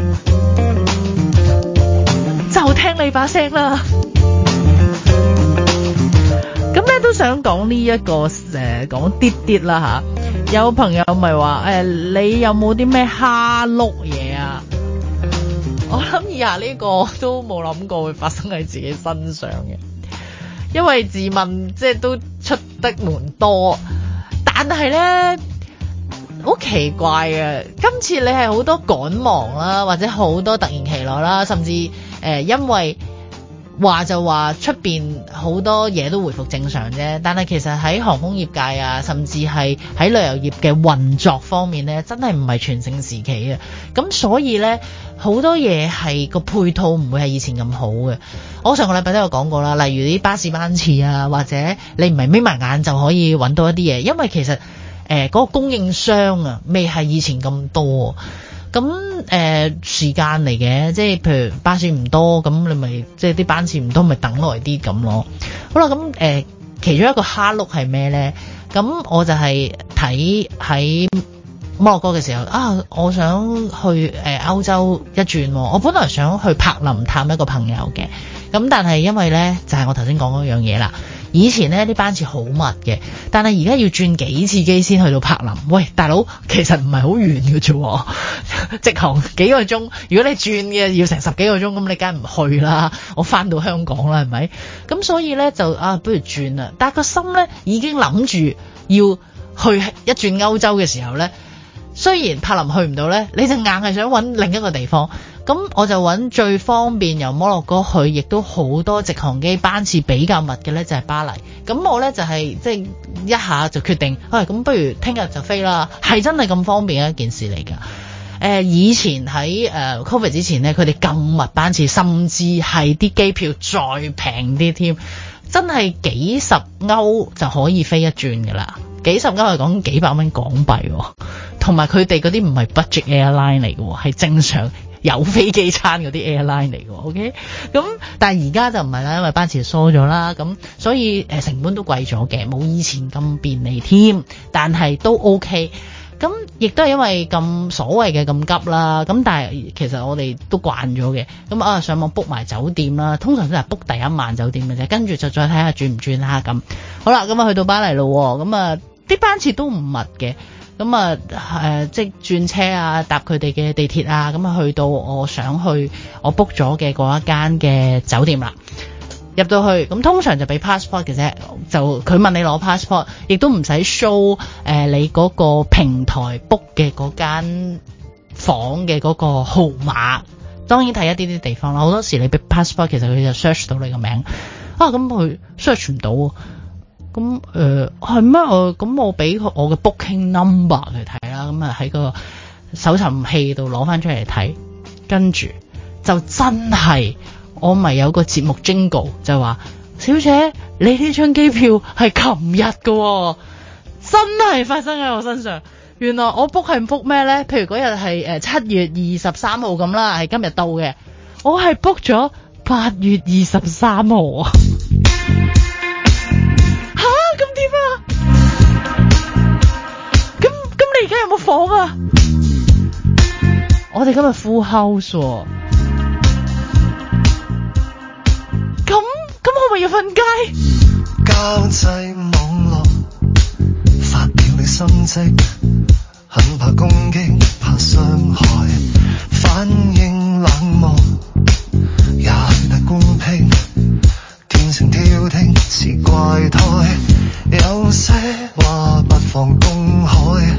就聽你把聲啦。咁咧 都想講呢、這個呃、一個誒講啲啲啦嚇。有朋友咪話誒，你有冇啲咩蝦碌嘢啊？我諗以下呢、這個都冇諗過會發生喺自己身上嘅，因為自問即係都出得門多，但係咧好奇怪呀。今次你係好多趕忙啦，或者好多突然其來啦，甚至～誒，因為話就話出邊好多嘢都回復正常啫，但係其實喺航空業界啊，甚至係喺旅遊業嘅運作方面呢，真係唔係全盛時期啊。咁所以呢，好多嘢係個配套唔會係以前咁好嘅。我上個禮拜都有講過啦，例如啲巴士班次啊，或者你唔係眯埋眼就可以揾到一啲嘢，因為其實誒嗰個供應商啊，未係以前咁多。咁誒、呃、時間嚟嘅，即係譬如巴士唔多，咁你咪即係啲班次唔多，咪等耐啲咁咯。好啦，咁誒、呃、其中一個蝦碌係咩咧？咁我就係睇喺摩洛哥嘅時候啊，我想去誒、呃、歐洲一轉。我本來想去柏林探一個朋友嘅，咁但係因為咧就係、是、我頭先講嗰樣嘢啦。以前呢啲班次好密嘅，但係而家要轉幾次機先去到柏林。喂，大佬，其實唔係好遠嘅啫，直 航幾個鐘。如果你轉嘅要成十幾個鐘，咁你梗係唔去啦。我翻到香港啦，係咪？咁所以呢，就啊，不如轉啦。但係個心呢已經諗住要去一轉歐洲嘅時候呢，雖然柏林去唔到呢，你就硬係想揾另一個地方。咁我就揾最方便由摩洛哥去，亦都好多直航機班次比較密嘅呢，就係巴黎。咁我呢，就係即係一下就決定，喂、哎，咁不如聽日就飛啦。係真係咁方便嘅一件事嚟㗎。誒、呃、以前喺誒、呃、c o v i d COVID 之前呢，佢哋咁密班次，甚至係啲機票再平啲添，真係幾十歐就可以飛一轉㗎啦。幾十歐係講幾百蚊港幣喎、哦，同埋佢哋嗰啲唔係 budget airline 嚟㗎，係正常。有飛機餐嗰啲 airline 嚟嘅，OK，咁但係而家就唔係啦，因為班次疏咗啦，咁所以誒、呃、成本都貴咗嘅，冇以前咁便利添，但係都 OK，咁亦都係因為咁所謂嘅咁急啦，咁但係其實我哋都慣咗嘅，咁啊上網 book 埋酒店啦，通常都係 book 第一晚酒店嘅啫，跟住就再睇下轉唔轉啦咁。好啦，咁啊去到巴黎啦，咁啊啲班次都唔密嘅。咁啊，誒，即係轉車啊，搭佢哋嘅地鐵啊，咁啊，去到我想去，我 book 咗嘅嗰一間嘅酒店啦。入到去，咁通常就俾 passport 嘅啫，就佢問你攞 passport，亦都唔使 show 誒、呃、你嗰個平台 book 嘅嗰間房嘅嗰個號碼。當然睇一啲啲地方啦，好多時你俾 passport，其實佢就 search 到你個名。啊，咁佢 search 唔到。咁誒係咩？誒咁，嗯、我俾我嘅 booking number 嚟睇啦，咁啊喺個搜尋器度攞翻出嚟睇，跟住就真係我咪有個節目警告，就話小姐你呢張機票係琴日嘅，真係發生喺我身上。原來我 book 係唔 book 咩咧？譬如嗰日係誒七月二十三號咁啦，係今日到嘅，我係 book 咗八月二十三號啊！ 而家有冇房啊？我哋今日 full house 喎。咁咁我咪要瞓街？交際網絡，發表你心跡，很怕怕攻擊，怕傷害，反應冷漠，也許太公平。天生調停似怪胎，有些話不妨公開。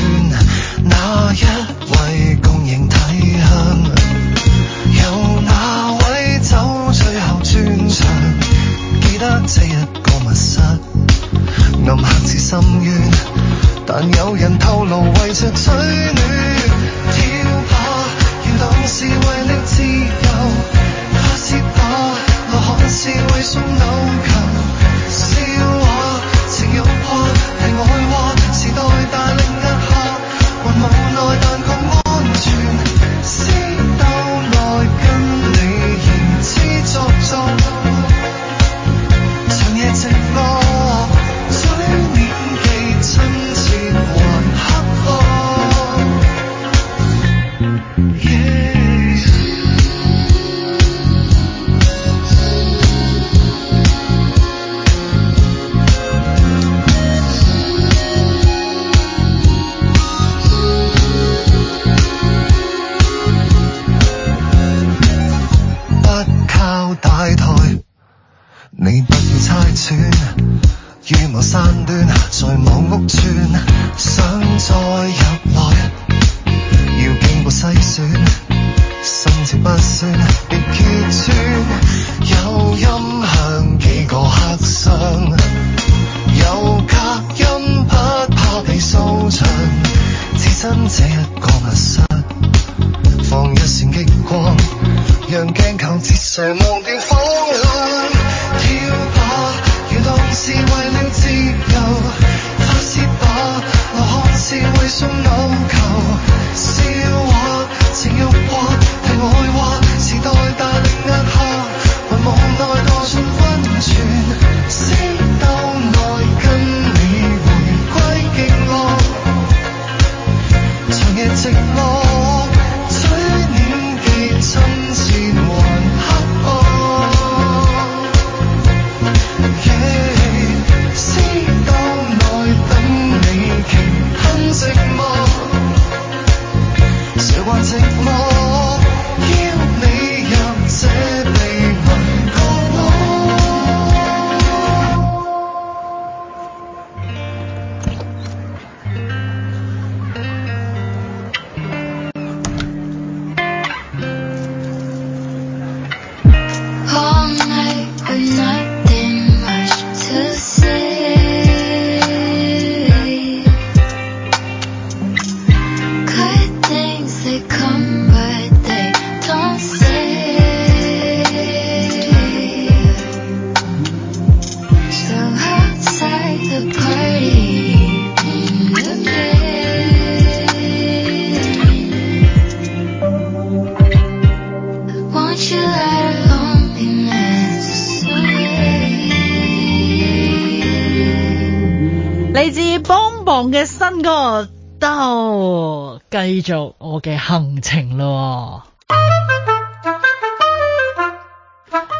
繼續我嘅行程咯，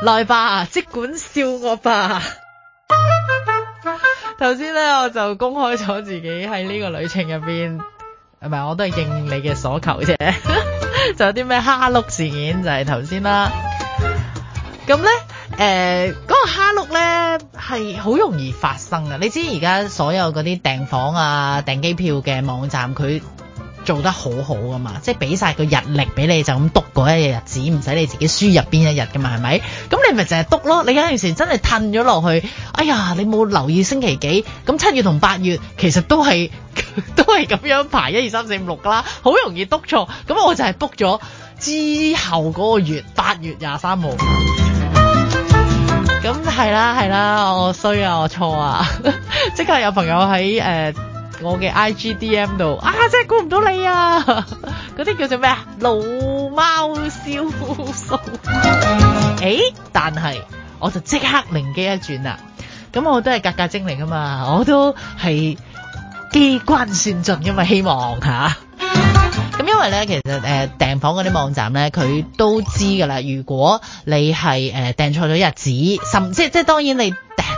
來吧，即管笑我吧。頭先咧，我就公開咗自己喺呢個旅程入邊，係咪我都係應你嘅所求啫。 就有啲咩蝦碌事件就係頭先啦。咁咧，誒、呃，嗰、那個蝦碌咧係好容易發生㗎。你知而家所有嗰啲訂房啊、訂機票嘅網站，佢做得好好噶嘛，即係俾晒個日曆俾你，就咁督嗰一日日子，唔使你自己輸入邊一日噶嘛，係咪？咁你咪淨係督咯。你有陣時真係褪咗落去，哎呀，你冇留意星期幾。咁七月同八月其實都係都係咁樣排一二三四五六噶啦，好容易督錯。咁我就係 book 咗之後嗰個月，八月廿三號。咁係啦係啦，我衰啊我錯啊！即 刻有朋友喺誒。呃我嘅 IGDM 度啊，真係估唔到你啊！嗰啲叫做咩啊？老貓燒鬚。誒，但係我就即刻靈機一轉啦。咁我都係格格精靈啊嘛，我都係機關算盡，因為希望嚇。啊。咁因為咧，其實誒，訂房嗰啲網站咧，佢都知噶啦。如果你係誒訂錯咗日子，甚即係即係，當然你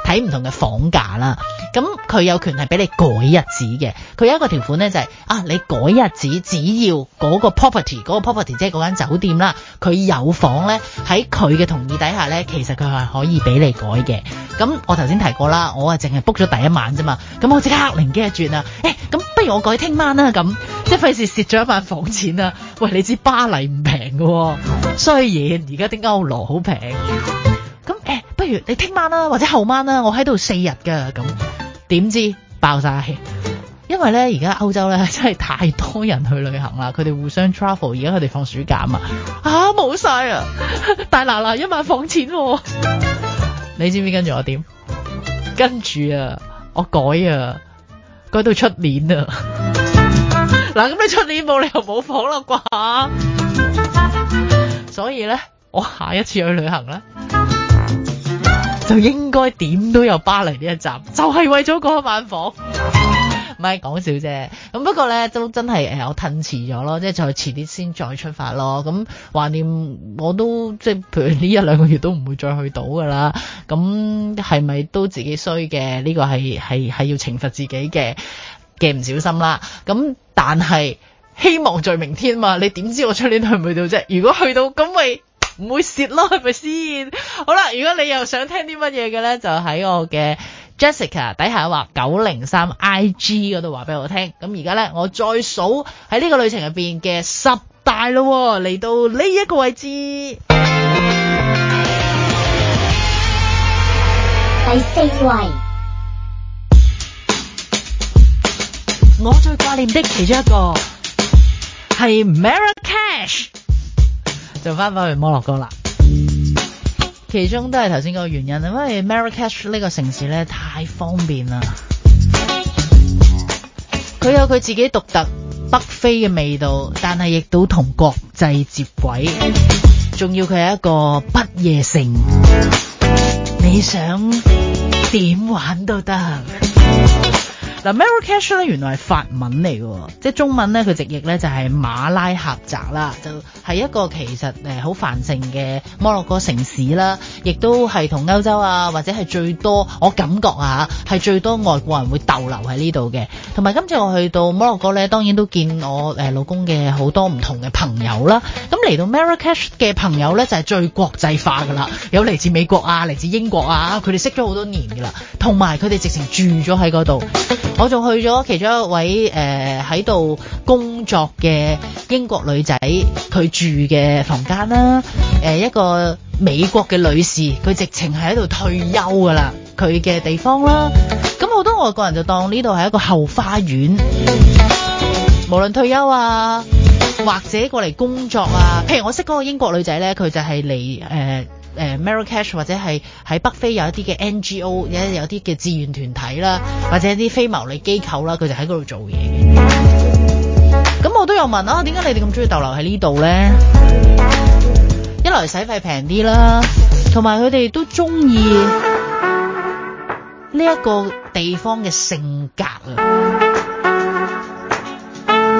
睇唔同嘅房價啦。咁佢有權係俾你改日子嘅。佢有一個條款咧、就是，就係啊，你改日子，只要嗰個 property 嗰個 property 即係嗰間酒店啦，佢有房咧喺佢嘅同意底下咧，其實佢係可以俾你改嘅。咁、嗯、我頭先提過啦，我啊淨係 book 咗第一晚啫嘛。咁我即刻靈機一轉啊，誒、欸，咁不如我改聽晚啦咁。即費事蝕咗一晚房錢啊，喂，你知巴黎唔平嘅，雖然而家啲歐羅好平。咁誒、欸，不如你聽晚啦，或者後晚啦，我喺度四日噶。咁點知爆晒氣？因為咧，而家歐洲咧真係太多人去旅行啦，佢哋互相 travel。而家佢哋放暑假嘛，啊，冇晒啊！ 大嗱嗱一晚房錢，啊， 你知唔知跟住我點？跟住啊，我改啊，改到出年啊！ 嗱，咁你出年你又冇房啦啩？所以咧，我下一次去旅行咧， 就應該點都有巴黎呢一站，就係、是、為咗嗰晚房。唔係講笑啫，咁不過咧，都真係誒、呃，我褪遲咗咯，即係再遲啲先再出發咯。咁橫掂我都即係，譬如呢一兩個月都唔會再去到噶啦。咁係咪都自己衰嘅？呢、這個係係係要懲罰自己嘅。嘅唔小心啦，咁但係希望在明天嘛，你點知我出年去唔去到啫？如果去到，咁咪唔會蝕咯，係咪先？ 好啦，如果你又想聽啲乜嘢嘅呢，就喺我嘅 Jessica 底下話九零三 IG 嗰度話俾我聽。咁而家呢，我再數喺呢個旅程入邊嘅十大咯，嚟到呢一個位置，第四位。我最掛念的其中一個係 Marrakech， 就翻返去摩洛哥啦。其中都係頭先個原因啦，因為 Marrakech 呢個城市咧太方便啦，佢有佢自己獨特北非嘅味道，但係亦都同國際接軌，仲要佢係一個不夜城，你想點玩都得。嗱，Marrakech 咧原來係法文嚟嘅，即係中文咧佢直譯咧就係馬拉喀什啦，就係一個其實誒好繁盛嘅摩洛哥城市啦，亦都係同歐洲啊或者係最多我感覺啊嚇係最多外國人會逗留喺呢度嘅，同埋今次我去到摩洛哥咧，當然都見我誒老公嘅好多唔同嘅朋友啦，咁嚟到 Marrakech 嘅朋友咧就係最國際化㗎啦，有嚟自美國啊嚟自英國啊，佢哋識咗好多年㗎啦，同埋佢哋直情住咗喺嗰度。我仲去咗其中一位誒喺度工作嘅英國女仔，佢住嘅房間啦。誒、呃、一個美國嘅女士，佢直情係喺度退休㗎啦，佢嘅地方啦。咁好多外國人就當呢度係一個後花園，無論退休啊，或者過嚟工作啊。譬如我識嗰個英國女仔呢，佢就係嚟誒。呃誒、呃、Marrakech 或者係喺北非有一啲嘅 NGO，一有啲嘅志願團體啦，或者一啲非牟利機構啦，佢哋喺嗰度做嘢嘅。咁 我都有問啊，點解你哋咁中意逗留喺呢度咧？ 一來使費平啲啦，同埋佢哋都中意呢一個地方嘅性格啊。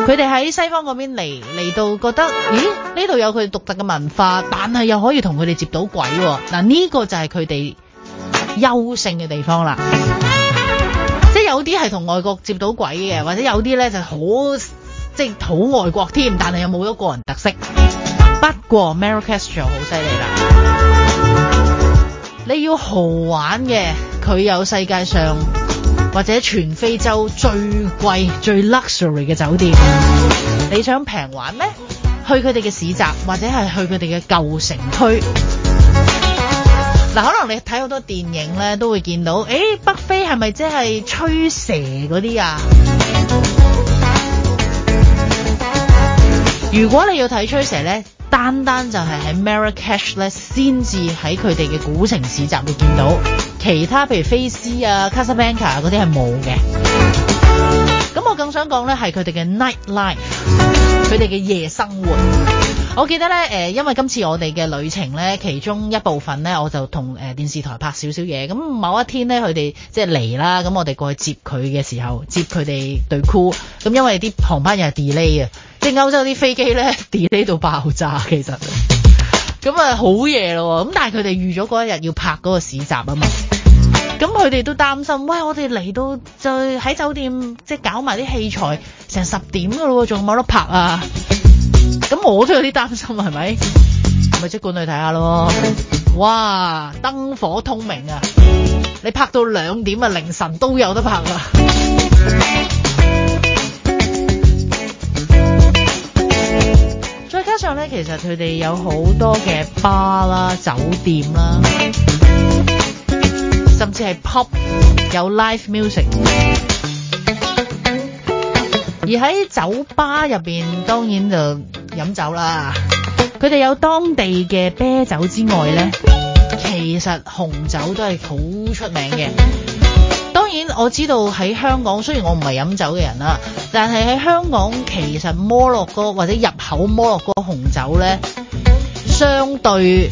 佢哋喺西方嗰邊嚟嚟到覺得，咦？呢度有佢獨特嘅文化，但係又可以同佢哋接到鬼喎、哦。嗱，呢個就係佢哋優勝嘅地方啦。 即係有啲係同外國接到鬼嘅，或者有啲咧就好即係好外國添，但係又冇咗個人特色。 不過 Marrakesh 好犀利啦！ 你要豪玩嘅，佢有世界上。或者全非洲最貴、最 luxury 嘅酒店， 你想平玩咩？去佢哋嘅市集，或者係去佢哋嘅舊城區。嗱， 可能你睇好多電影咧，都會見到，誒、欸，北非係咪即係吹蛇嗰啲啊？如果你要睇吹蛇咧，單單就係喺 Marrakesh 咧，先至喺佢哋嘅古城市集會見到，其他譬如菲斯啊、Casablanca 嗰、啊、啲係冇嘅。咁我更想講咧，係佢哋嘅 night life，佢哋嘅夜生活。我記得咧，誒、呃，因為今次我哋嘅旅程咧，其中一部分咧，我就同誒電視台拍少少嘢。咁某一天咧，佢哋即係嚟啦，咁我哋過去接佢嘅時候，接佢哋隊酷。咁因為啲航班又係 delay 啊。即係歐洲啲飛機咧 delay 到爆炸，其實咁啊好夜咯，咁 但係佢哋預咗嗰一日要拍嗰個市集啊嘛，咁佢哋都擔心，喂我哋嚟到就喺酒店即係搞埋啲器材成十點噶咯喎，仲冇得拍啊？咁 我都有啲擔心係咪？咪即 管去睇下咯， 哇燈火通明啊！你拍到兩點啊凌晨都有得拍啦、啊！ 之後咧，其實佢哋有好多嘅吧啦、酒店啦，甚至係 pub 有 live music。而喺酒吧入邊，當然就飲酒啦。佢哋有當地嘅啤酒之外咧，其實紅酒都係好出名嘅。當然我知道喺香港，雖然我唔係飲酒嘅人啦，但係喺香港其實摩洛哥或者入口摩洛哥紅酒呢，相對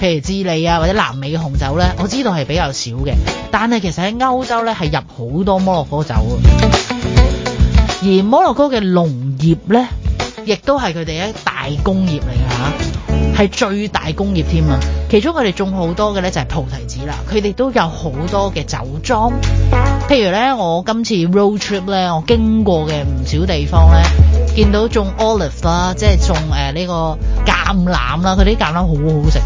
譬如智利啊或者南美紅酒呢，我知道係比較少嘅。但係其實喺歐洲呢，係入好多摩洛哥酒嘅，而摩洛哥嘅農業呢，亦都係佢哋一大工業嚟㗎吓。係最大工業添啊！其中佢哋種好多嘅呢，就係葡提子啦，佢哋都有好多嘅酒莊。譬如呢，我今次 road trip 呢，我經過嘅唔少地方呢，見到種 olive 啦，即係種誒呢個橄欖啦，佢啲橄欖好好食。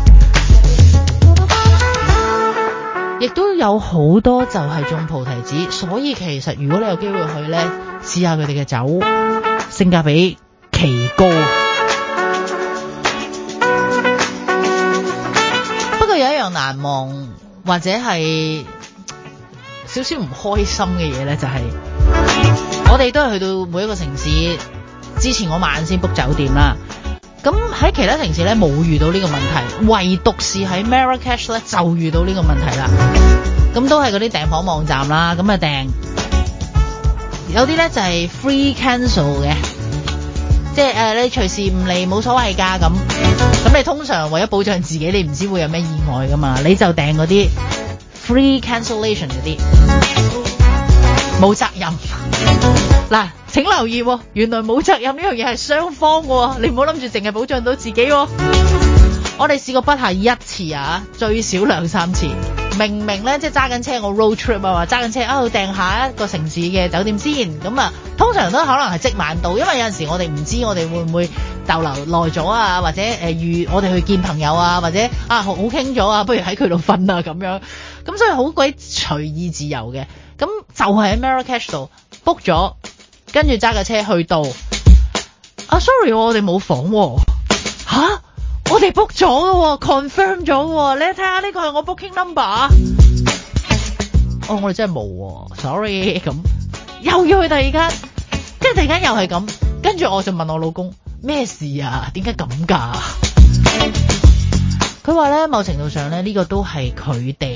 亦都有好多就係種葡提子，所以其實如果你有機會去呢，試下佢哋嘅酒，性價比奇高。望或者係少少唔開心嘅嘢咧，就係、是、我哋都係去到每一個城市之前，我晚先 book 酒店啦。咁喺其他城市咧冇，遇到呢個問題，唯獨是喺 Marrakesh 咧就遇到呢個問題啦。咁都係嗰啲訂房網站啦，咁啊訂有啲咧就係、是、free cancel 嘅，即係誒、呃、你隨時唔嚟，冇所謂噶咁。你通常為咗保障自己，你唔知會有咩意外噶嘛？你就訂嗰啲 free cancellation 嗰啲，冇責任。嗱，請留意喎，原來冇責任呢樣嘢係雙方嘅，你唔好諗住淨係保障到自己喎。 我哋試過不下一次啊，最少兩三次。明明咧，即係揸緊車，我 road trip 啊，話揸緊車，啊，訂下一個城市嘅酒店先，咁啊，通常都可能係即晚到，因為有陣時我哋唔知我哋會唔會逗留耐咗啊，或者誒、呃、預我哋去見朋友啊，或者啊好傾咗啊，不如喺佢度瞓啊咁樣，咁所以好鬼隨意自由嘅，咁就係喺 Marrakesh 度 book 咗，跟住揸架車去到，啊，sorry，我哋冇房喎，啊，啊我哋 book 咗嘅喎，confirm 咗喎，你睇下呢個係我 booking number 哦，我哋真係冇喎，sorry。咁又要去第二間，跟住突然間又係咁，跟住我就問我老公咩事啊？點解咁㗎？佢話咧，某程度上咧，呢、這個都係佢哋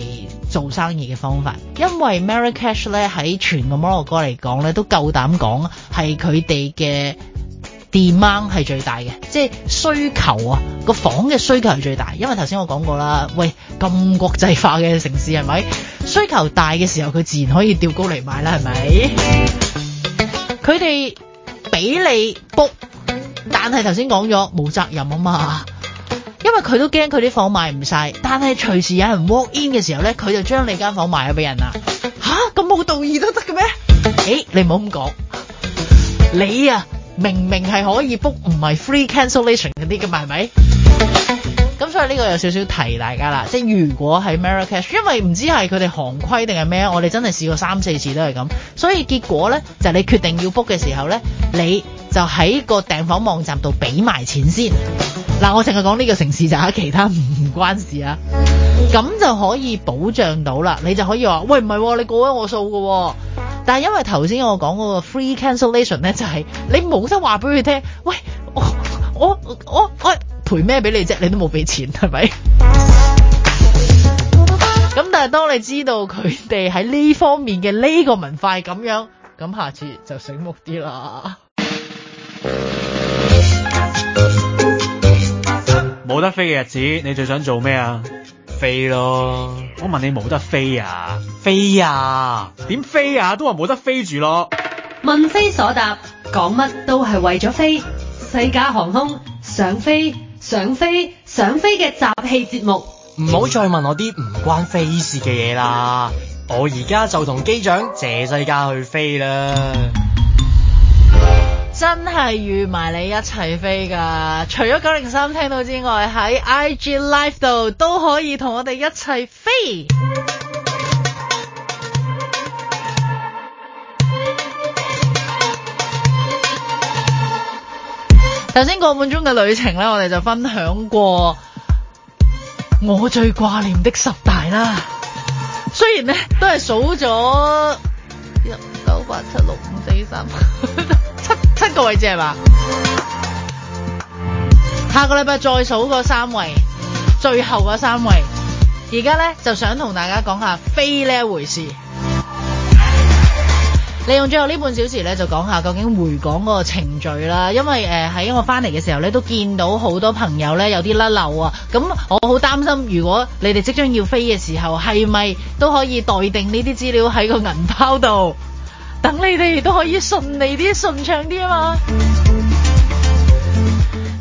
做生意嘅方法，因為 Marrakech 咧喺全個摩洛哥嚟講咧都夠膽講係佢哋嘅。demand 係最大嘅，即係需求啊，個房嘅需求係最大，因為頭先我講過啦。喂，咁國際化嘅城市係咪需求大嘅時候佢自然可以調高嚟賣啦，係咪？佢哋俾你 book，但係頭先講咗冇責任啊嘛，因為佢都驚佢啲房賣唔晒。但係隨時有人 walk in 嘅時候咧，佢就將你間房賣咗俾人啦。吓、啊？咁冇道義都得嘅咩？誒、欸，你唔好咁講，你啊！明明係可以 book 唔係 free cancellation 嗰啲嘅嘛，係咪？咁 所以呢個有少少提大家啦，即係如果係 Marrakesh，因為唔知係佢哋行規定係咩，我哋真係試過三四次都係咁，所以結果咧就係、你決定要 book 嘅時候咧，你就喺個訂房網站度俾埋錢先。嗱，我淨係講呢個城市就喺其他唔關事啊。咁就可以保障到啦，你就可以話：喂，唔係、哦、你過咗我數嘅、哦。但係因為頭先我講嗰個 free cancellation 咧，就係你冇得話俾佢聽，喂，我我我我，我賠咩俾你啫？你都冇俾錢，係咪？咁但係當你知道佢哋喺呢方面嘅呢個文化係咁樣，咁下次就醒目啲啦。冇得飛嘅日子，你最想做咩啊？飛咯！我問你冇得飛啊？飛啊？點飛啊？都話冇得飛住咯。問非所答，講乜都係為咗飛。西加航空，想飛，想飛，想飛嘅集氣節目。唔好、嗯、再問我啲唔關飛事嘅嘢啦！我而家就同機長謝世界去飛啦。真係預埋你一齊飛㗎！除咗九零三聽到之外，喺 IG Live 度都可以同我哋一齊飛。頭先個半鐘嘅旅程咧，我哋就分享過我最掛念的十大啦。雖然咧，都係數咗十九八七六五四三。10, 9, 8, 7, 6, 5, 4, 七個位置係嘛？下個禮拜再數個三位，最後嗰三位。而家呢，就想同大家講下飛呢一回事。 利用最後呢半小時呢，就講下究竟回港嗰個程序啦。因為誒喺、呃、我翻嚟嘅時候呢，都見到好多朋友呢有啲甩漏啊。咁我好擔心，如果你哋即將要飛嘅時候，係咪都可以袋定呢啲資料喺個銀包度？等你哋都可以順利啲、順暢啲啊嘛！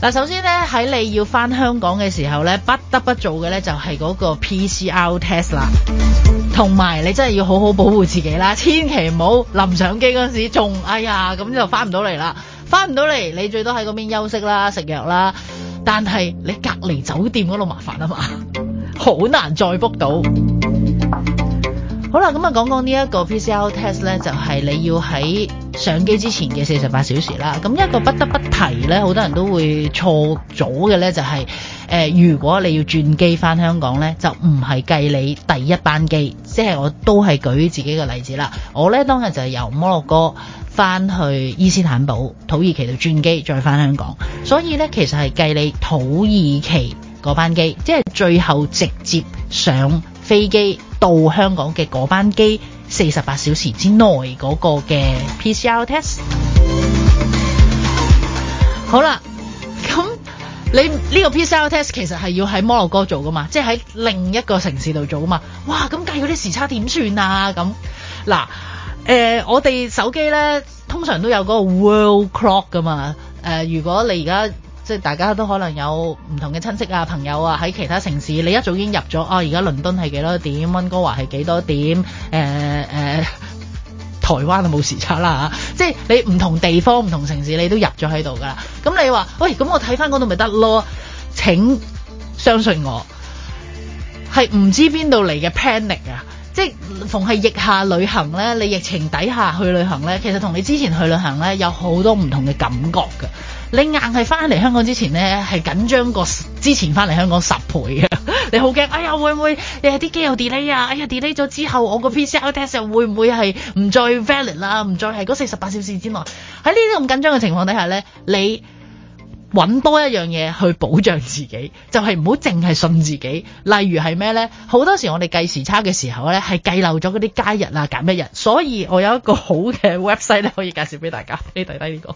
嗱，首先咧喺你要翻香港嘅時候咧，不得不做嘅咧就係嗰個 PCR test 啦，同埋你真係要好好保護自己啦，千祈唔好臨上機嗰陣時仲，哎呀咁就翻唔到嚟啦，翻唔到嚟你最多喺嗰邊休息啦、食藥啦，但係你隔離酒店嗰度麻煩啊嘛，好難再 book 到。好啦，咁啊，講講呢一個 PCR test 咧，就係你要喺上機之前嘅四十八小時啦。咁一個不得不提呢，好多人都會錯咗嘅呢，就係誒，如果你要轉機翻香港呢，就唔係計你第一班機，即係我都係舉自己嘅例子啦。我呢當日就係由摩洛哥翻去伊斯坦堡土耳其就轉機，再翻香港，所以呢，其實係計你土耳其嗰班機，即係最後直接上。飛機到香港嘅嗰班機，四十八小時之內嗰個嘅 PCR test。 好啦，咁你呢個 PCR test 其實係要喺摩洛哥做噶嘛，即係喺另一個城市度做噶嘛。哇，咁計嗰啲時差點算啊咁？嗱，誒、呃，我哋手機咧通常都有嗰個 World Clock 噶嘛。誒、呃，如果你而家即係大家都可能有唔同嘅親戚啊、朋友啊喺其他城市，你一早已經入咗啊！而家倫敦係幾多點？溫哥華係幾多點？誒、呃、誒、呃，台灣都冇時差啦、啊、嚇、啊。即係你唔同地方、唔同城市，你都入咗喺度噶啦。咁你話喂，咁我睇翻嗰度咪得咯？請相信我，係唔知邊度嚟嘅 panic 啊！即係逢係疫下旅行咧，你疫情底下去旅行咧，其實同你之前去旅行咧有好多唔同嘅感覺㗎。你硬係翻嚟香港之前咧，係緊張過之前翻嚟香港十倍嘅、 哎。你好驚，哎呀會唔會誒啲機又 delay 啊？哎呀 delay 咗之後，我個 PCR test 又會唔會係唔再 valid 啦？唔再係嗰四十八小時之內？喺 呢啲咁緊張嘅情況底下咧，你揾多一樣嘢去保障自己，就係唔好淨係信自己。例如係咩咧？好多時我哋計時差嘅時候咧，係計漏咗嗰啲加日啊、減一日。所以我有一個好嘅 website 咧，可以介紹俾大家。你睇睇呢個。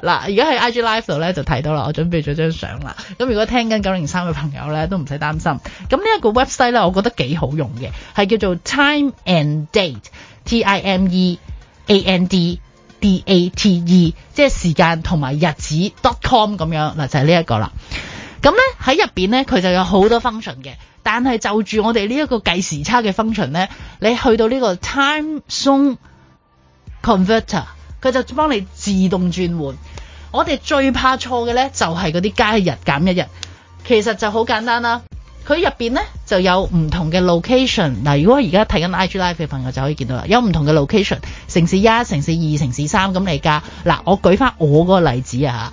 嗱，而家喺 IG Live 度咧就睇到啦，我準備咗張相啦。咁如果聽緊九零三嘅朋友咧都唔使擔心。咁呢一個 website 咧，我覺得幾好用嘅，係叫做 Time and Date，T-I-M-E-A-N-D-D-A-T-E，即係時間同埋日子 .com 咁樣，嗱就係呢一個啦。咁咧喺入邊咧，佢就有好多 function 嘅，但係就住我哋呢一個計時差嘅 function 咧，你去到呢個 Time Zone Converter。佢就幫你自動轉換。我哋最怕錯嘅呢，就係嗰啲加一日減一日。其實就好簡單啦。佢入邊呢就有唔同嘅 location。嗱，如果我而家睇緊 IG live 嘅朋友就可以見到啦，有唔同嘅 location，城市一、城市二、城市三咁嚟加。嗱，我舉翻我嗰個例子啊。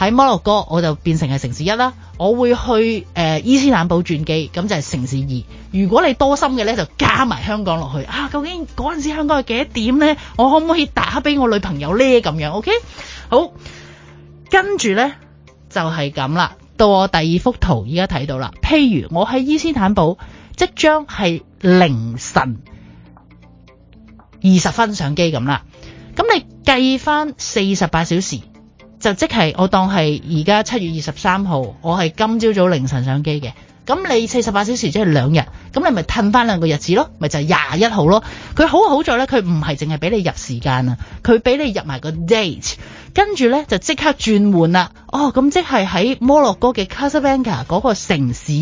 喺摩洛哥我就變成係城市一啦，我會去誒、呃、伊斯坦堡轉機，咁就係城市二。如果你多心嘅呢，就加埋香港落去。啊，究竟嗰陣時香港係幾多點呢？我可唔可以打俾我女朋友呢？咁樣，OK，好。跟住呢就係咁啦。到我第二幅圖，依家睇到啦。譬如我喺伊斯坦堡，即將係凌晨二十分上機咁啦。咁你計返四十八小時。就即係我當係而家七月二十三號，我係今朝早，早凌晨上機嘅。咁你四十八小時即係兩日，咁你咪褪翻兩個日子咯，咪就係廿一號咯。佢好好在咧，佢唔係淨係俾你入時間啊，佢俾你入埋個 date，跟住咧就即刻轉換啦。哦，咁即係喺摩洛哥嘅 Casablanca 嗰個城市，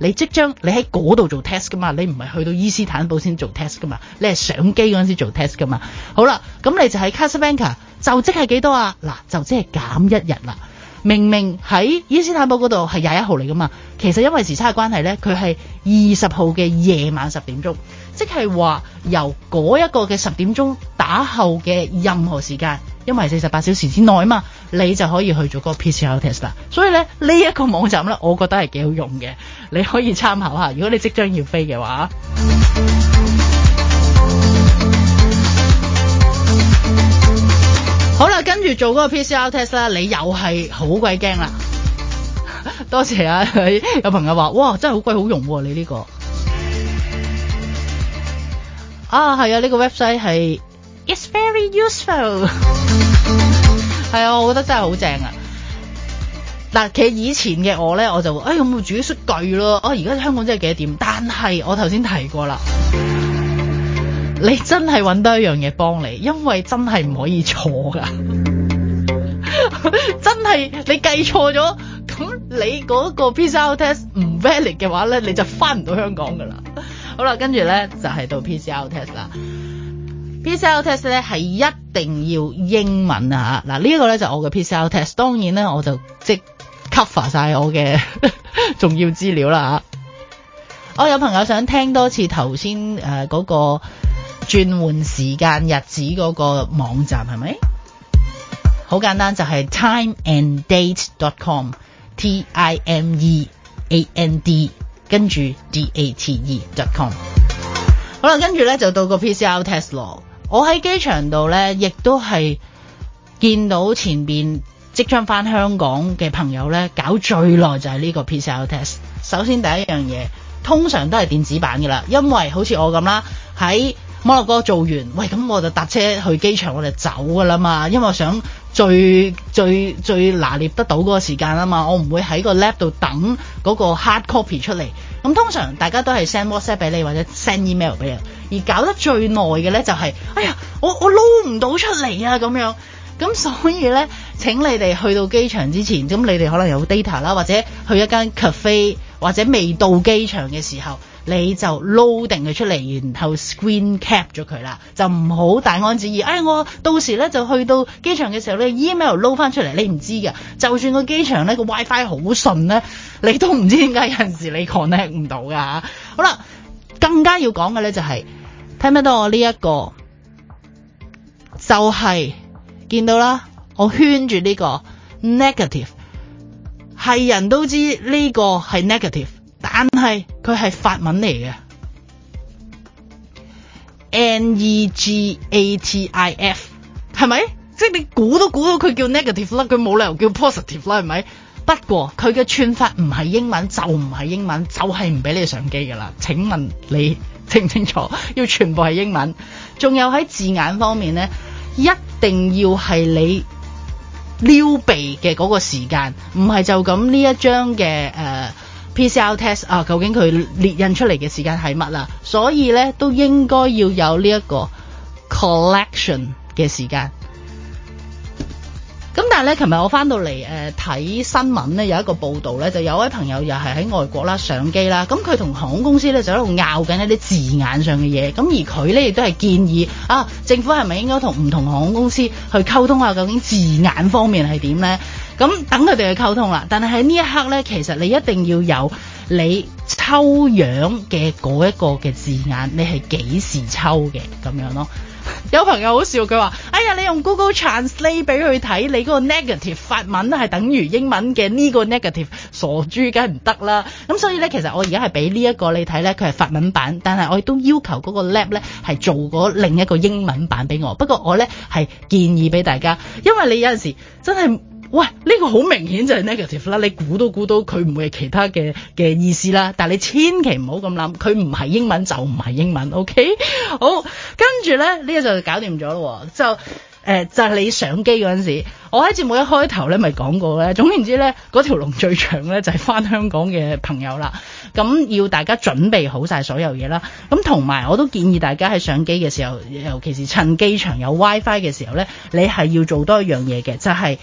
你即將你喺嗰度做 test 噶嘛，你唔係去到伊斯坦堡先做 test 噶嘛，你係上機嗰陣時做 test 噶嘛。好啦，咁你就喺 Casablanca 就即係幾多啊？嗱，就即係減一日啦。明明喺伊斯坦堡嗰度係廿一號嚟噶嘛，其實因為時差嘅關係咧，佢係二十號嘅夜晚十點鐘，即係話由嗰一個嘅十點鐘打後嘅任何時間，因為四十八小時之內啊嘛，你就可以去做嗰個 PCR test 啦。所以咧呢一個網站咧，我覺得係幾好用嘅，你可以參考下。如果你即將要飛嘅話。好啦，跟住做嗰個 PCR test 啦，你又係好鬼驚啦！多謝啊，有朋友話，哇，真係好鬼好用、啊，你呢個啊係啊，呢、呢個 website 係，it's very useful。係 啊，我覺得真係好正啊！但其實以前嘅我咧，我就誒，哎、有冇煮啲雪櫃咯？哦，而家香港真係幾點？但係我頭先提過啦。你真係揾多一樣嘢幫你，因為真係唔可以錯噶， 真係你計錯咗，咁你嗰個 PCR test 唔 valid 嘅話咧，你就翻唔到香港噶啦。 好啦，跟住咧就係、是、到 PCR test 啦 PCR test 咧係一定要英文啊嗱、這個、呢一個咧就是、我嘅 PCR test，當然咧我就即 cover 晒我嘅 重要資料啦吓、啊。我有朋友想聽多次頭先誒嗰個。轉換時間日子嗰個網站係咪好簡單？就係、是、time and date dot com t i m e a n d 跟住 d a t e dot com 好啦，跟住咧就到個 P C R test 咯。我喺機場度咧，亦都係見到前邊即將翻香港嘅朋友咧，搞最耐就係呢個 P C R test。首先第一樣嘢，通常都係電子版嘅啦，因為好似我咁啦喺。摩洛哥做完，喂，咁我就搭車去機場，我哋走㗎喇嘛，因為我想最最最拿捏得到嗰個時間啊嘛，我唔會喺個 lab 度等嗰個 hard copy 出嚟。咁通常大家都係 send WhatsApp 俾你或者 send email 俾你，而搞得最耐嘅呢就係、是，哎呀，我我撈唔到出嚟啊咁樣。咁所以呢，請你哋去到機場之前，咁你哋可能有 data 啦，或者去一間 cafe 或者未到機場嘅時候。你就 load 定佢出嚟，然後 screen cap 咗佢啦，就唔好大安旨意。哎，我到時咧就去到機場嘅時候咧，email load 翻出嚟，你唔知噶。就算個機場咧個 WiFi 好順咧，你都唔知點解有陣時你 connect 唔到噶吓。好啦，更加要講嘅咧就係聽唔到我呢、這、一個，就係、是、見到啦，我圈住呢、這個 negative，係人都知呢個係 negative。但係佢係法文嚟嘅，negative 係咪？即係你估都估到佢叫 negative 啦，佢冇理由叫 positive 啦，係咪？不過佢嘅串法唔係英文就唔係英文，就係唔俾你上機噶啦。請問你清唔清楚？ 要全部係英文。仲有喺字眼方面咧，一定要係你撩鼻嘅嗰個時間，唔係就咁呢一張嘅誒。呃 PCR test 啊、哦，究竟佢列印出嚟嘅時間係乜啦？所以咧都應該要有呢一個 collection 嘅時間。咁但係咧，琴日我翻到嚟誒睇新聞咧，有一個報導咧，就有一位朋友又係喺外國啦相機啦，咁佢同航空公司咧就喺度拗緊一啲字眼上嘅嘢，咁、嗯、而佢咧亦都係建議啊，政府係咪應該同唔同航空公司去溝通下究竟字眼方面係點咧？咁、嗯、等佢哋去溝通啦。但係喺呢一刻咧，其實你一定要有你抽樣嘅嗰一個嘅字眼，你係幾時抽嘅咁樣咯？有朋友好笑，佢話：哎呀，你用 Google Translate 俾佢睇你嗰個 negative 法文係等於英文嘅呢個 negative 傻豬梗係唔得啦。咁所以呢，其實我而家係俾呢一個你睇呢佢係法文版，但係我亦都要求嗰個 lab 呢係做過另一個英文版俾我。不過我呢係建議俾大家，因為你有陣時真係。喂，呢個好明顯就係 negative 啦。你估都估到佢唔會係其他嘅嘅意思啦。但係你千祈唔好咁諗，佢唔係英文就唔係英文。OK，好，跟住呢，呢個就搞掂咗咯。就誒就係你上機嗰陣時，我喺節目一開頭咧咪講過咧。總言之呢，嗰條龍最長呢就係翻香港嘅朋友啦。咁要大家準備好晒所有嘢啦。咁同埋我都建議大家喺上機嘅時候，尤其是趁機場有 WiFi 嘅時候呢，你係要做多一樣嘢嘅，就係。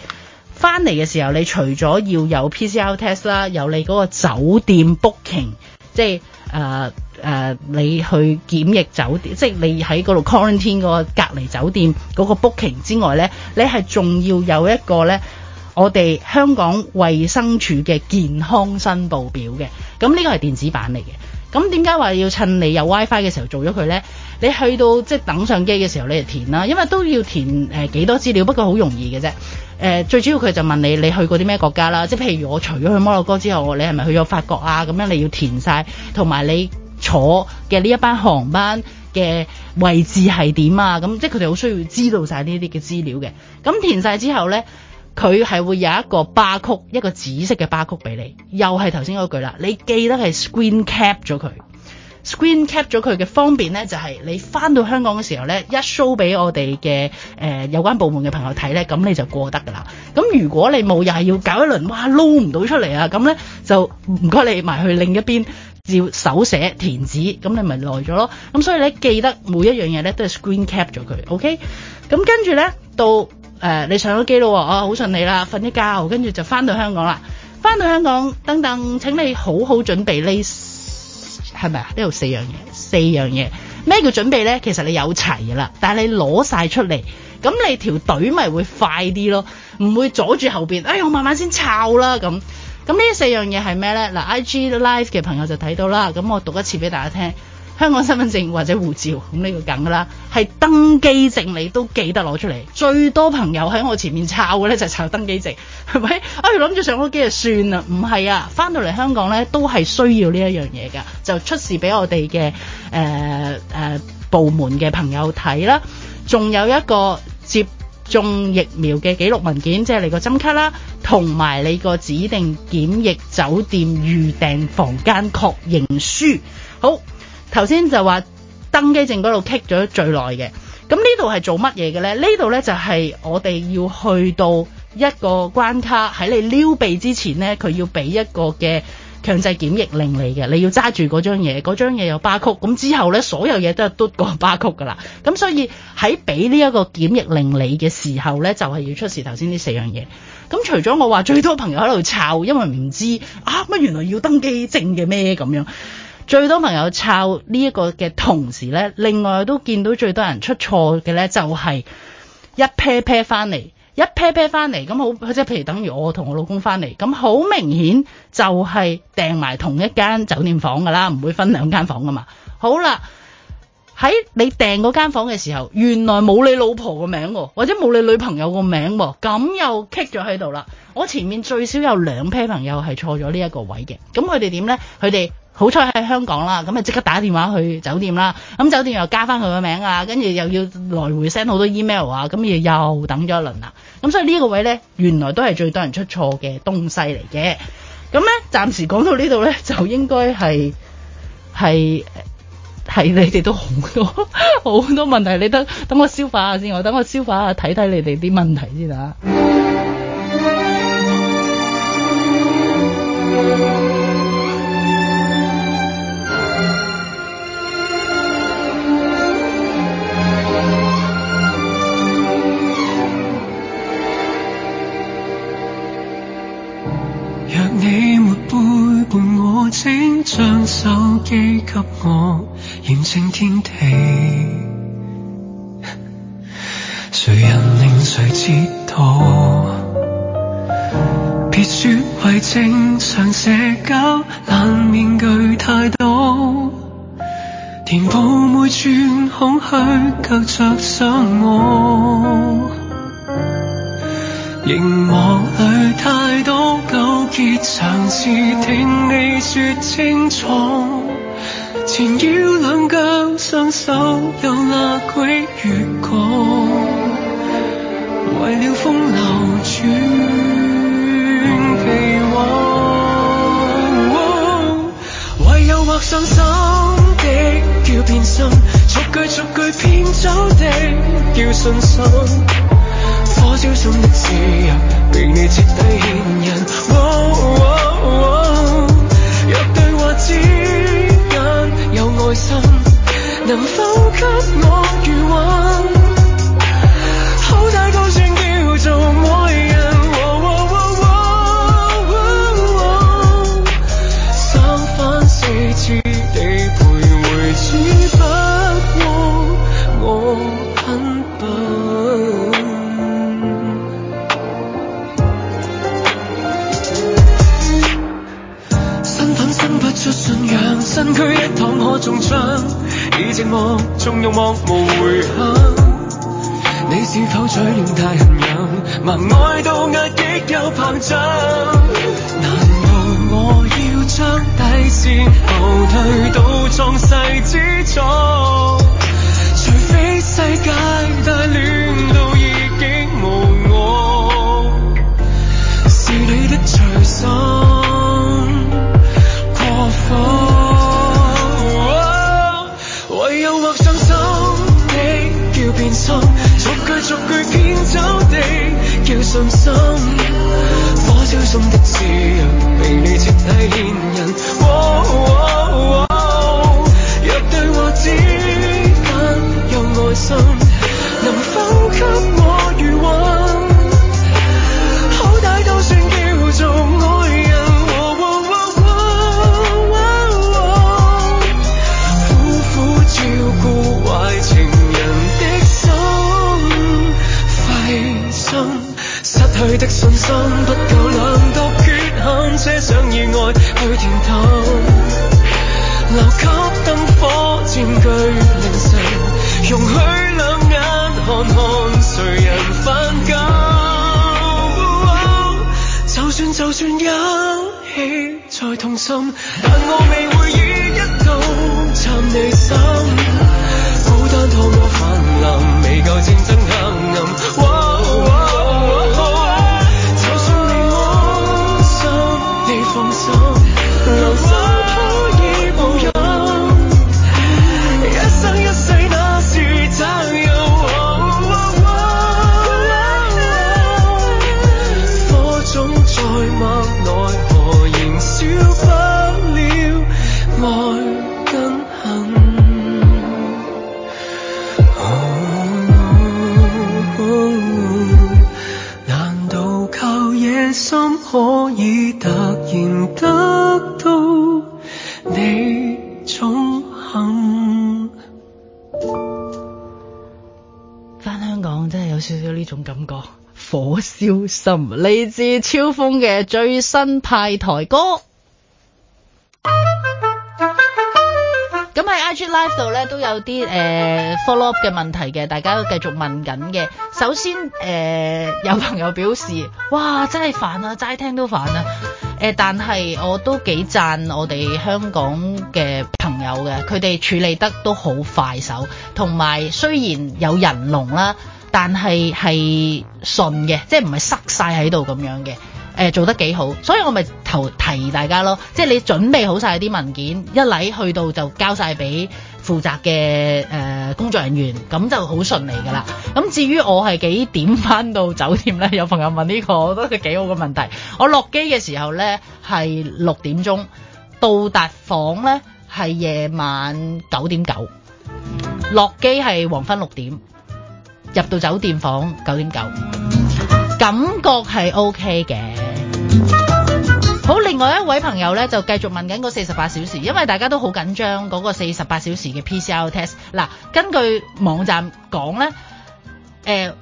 翻嚟嘅時候，你除咗要有 PCR test 啦，有你嗰個酒店 booking，即係誒誒，你去檢疫酒店，即係你喺嗰度 quarantine 嗰個隔離酒店嗰個 booking 之外呢，你係仲要有一個呢，我哋香港衛生署嘅健康申報表嘅，咁呢個係電子版嚟嘅。咁點解話要趁你有 WiFi 嘅時候做咗佢呢？你去到即係等上機嘅時候，你就填啦，因為都要填誒幾、呃、多資料，不過好容易嘅啫。誒、呃、最主要佢就問你你去過啲咩國家啦，即係譬如我除咗去摩洛哥之後，你係咪去咗法國啊？咁樣你要填晒，同埋你坐嘅呢一班航班嘅位置係點啊？咁即係佢哋好需要知道晒呢啲嘅資料嘅。咁填晒之後呢，佢係會有一個 bar code，一個紫色嘅 bar code 俾你。又係頭先嗰句啦，你記得係 screen cap 咗佢。Screen cap 咗佢嘅方便咧，就係、是、你翻到香港嘅時候咧，一 show 俾我哋嘅誒有關部門嘅朋友睇咧，咁你就過得㗎啦。咁如果你冇，又係要搞一輪，哇撈唔到出嚟啊！咁咧就唔該你埋去另一邊照手寫填紙，咁你咪耐咗咯。咁所以咧，記得每一樣嘢咧都係 screen cap 咗佢，OK？咁跟住咧到誒、呃、你上咗機啦，哦、啊、好順利啦，瞓一覺，跟住就翻到香港啦。翻到香港，等等，請你好好準備呢。係咪啊？呢度四樣嘢，四樣嘢。咩叫準備呢？其實你有齊㗎啦，但係你攞晒出嚟，咁你條隊咪會快啲咯，唔會阻住後邊。哎，我慢慢先抄啦咁。咁呢四樣嘢係咩呢？嗱，IG Live 嘅朋友就睇到啦。咁我讀一次俾大家聽。香港身份證或者護照，咁、這、呢個梗㗎啦，係登記證你都記得攞出嚟。最多朋友喺我前面抄嘅咧，就係抄登記證。係咪？哎，諗住上飛機就算啦，唔係啊，翻到嚟香港咧都係需要呢一樣嘢㗎，就出示俾我哋嘅誒誒部門嘅朋友睇啦。仲有一個接種疫苗嘅記錄文件，即係你個針卡啦，同埋你個指定檢疫酒店預訂房間確認書。好。頭先就話登機證嗰度棘咗最耐嘅，咁呢度係做乜嘢嘅呢？呢度呢就係、是、我哋要去到一個關卡，喺你撩鼻之前呢，佢要俾一個嘅強制檢疫令你嘅，你要揸住嗰張嘢，嗰張嘢有巴曲，咁之後呢，所有嘢都係篤過巴曲㗎啦。咁所以喺俾呢一個檢疫令你嘅時候呢，就係、是、要出示頭先呢四樣嘢。咁除咗我話最多朋友喺度炒，因為唔知啊乜原來要登機證嘅咩咁樣。最多朋友抄呢一個嘅同時呢，另外都見到最多人出錯嘅呢，就係一 pair 翻嚟，一 pair 翻嚟咁好，即係譬如等於我同我老公翻嚟咁，好明顯就係訂埋同一間酒店房噶啦，唔會分兩間房噶嘛。好啦，喺你訂嗰間房嘅時候，原來冇你老婆個名喎，或者冇你女朋友個名喎，咁又 kick 咗喺度啦。我前面最少有兩 pair 朋友係錯咗呢一個位嘅，咁佢哋點呢？佢哋。好彩喺香港啦，咁咪即刻打電話去酒店啦，咁酒店又加翻佢個名啊，跟住又要來回 send 好多 email 啊，咁又等咗一輪啦，咁所以呢個位呢，原來都係最多人出錯嘅東西嚟嘅。咁呢，暫時講到呢度呢，就應該係係係你哋都好多好 多問題，你等等我消化下先，我等我消化下睇睇你哋啲問題先吓。 陪我，請將手機給我，驗證天地。誰人令誰折墮？別說為正常社交，冷面具太多，填補每寸空虛，隔着想我。熒幕裡太多糾結，嘗試聽你説清楚。纏腰兩腳，雙手有哪鬼越過？為了風流轉被窩。為誘惑上心的叫變心，逐句逐句騙走的叫信心。我小心的指引被你徹底牽引。若對話之間有愛心，能否給我餘温？好大個。中槍，已寂寞縱慾望無回響，你是否取暖太狠人，盲愛到壓抑又怕。嚟自超風嘅最新派台歌。咁喺 IG Live 度咧都有啲誒、呃、 follow up 嘅問題嘅，大家都繼續問緊嘅。首先誒、呃、有朋友表示，哇真係煩啊，齋聽都煩啊。誒、呃、但係我都幾讚我哋香港嘅朋友嘅，佢哋處理得都好快手。同埋雖然有人龍啦。但係係順嘅，即係唔係塞晒喺度咁樣嘅，誒做得幾好，所以我咪提提大家咯，即係你準備好晒啲文件，一嚟去到就交晒俾負責嘅誒工作人員，咁就好順利㗎啦。咁至於我係幾點翻到酒店呢？有朋友問呢個，我覺得係幾好嘅問題。我落機嘅時候呢係六點鐘，到達房呢係夜晚九點九，落機係黃昏六點。入到酒店房九點九五，感覺係 O K 嘅。好，另外一位朋友呢，就繼續問緊嗰四十八小時，因為大家都好緊張嗰個四十八小時嘅 P C R test。嗱，根據網站講呢。誒、呃。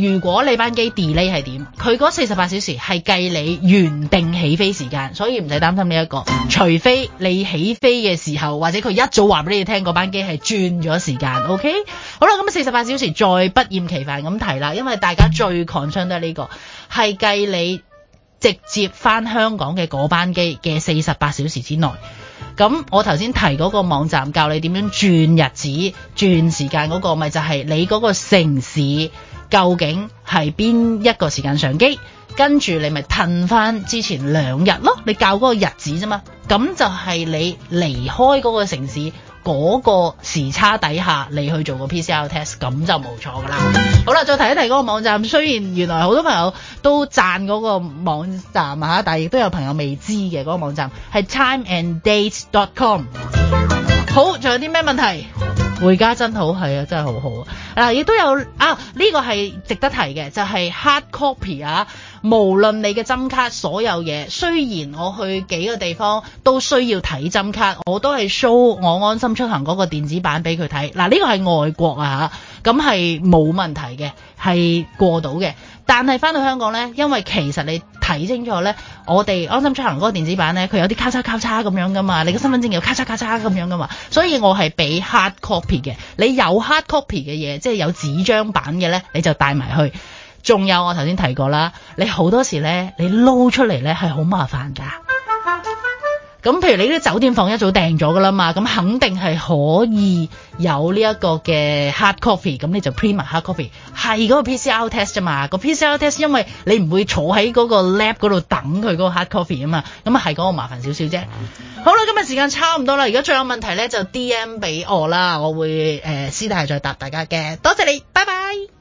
如果你班機 delay 係點，佢嗰四十八小時係計你原定起飛時間，所以唔使擔心呢一個。除非你起飛嘅時候，或者佢一早話俾你聽，嗰班機係轉咗時間。OK，好啦，咁四十八小時再不厭其煩咁提啦，因為大家最 concern 得呢個係計你直接返香港嘅嗰班機嘅四十八小時之內。咁我頭先提嗰個網站教你點樣轉日子、轉時間嗰個，咪就係你嗰個城市。究竟係邊一個時間上機？跟住你咪褪翻之前兩日咯，你校嗰個日子啫嘛。咁就係你離開嗰個城市嗰、嗰個時差底下，你去做個 PCR test，咁就冇錯噶啦。 好啦，再提一提嗰個網站。雖然原來好多朋友都讚嗰個網站啊，但係亦都有朋友未知嘅嗰、嗰個網站係 Time and Date dot com。好，仲有啲咩問題？回家真好，係啊，真係好好啊！嗱，亦都有啊，呢個係值得提嘅，就係、是、hard copy 啊。無論你嘅針卡所有嘢，雖然我去幾個地方都需要睇針卡，我都係 show 我安心出行嗰個電子版俾佢睇。嗱、啊，呢、這個係外國啊嚇，咁係冇問題嘅，係過到嘅。但係翻到香港呢，因為其實你睇清楚呢，我哋安心出行嗰個電子版呢，佢有啲咔嚓咔嚓咁樣噶嘛，你嘅身份證又咔嚓咔嚓咁樣噶嘛，所以我係俾 hard copy 嘅。你有 hard copy 嘅嘢，即係有紙張版嘅呢，你就帶埋去。仲有我頭先提過啦，你好多時呢，你撈出嚟呢係好麻煩㗎。咁譬如你啲酒店房一早訂咗噶啦嘛，咁肯定係可以有呢一個嘅 hard coffee，咁你就 premium hard coffee，係嗰個 PCR test 啫嘛，個 PCR test 因為你唔會坐喺嗰個 lab 嗰度等佢嗰個 hard coffee 啊嘛，咁啊係嗰個麻煩少少啫。嗯、好啦，今日時間差唔多啦，如果仲有問題咧就 DM 俾我啦，我會誒、呃、私底下再答大家嘅，多謝你，拜拜。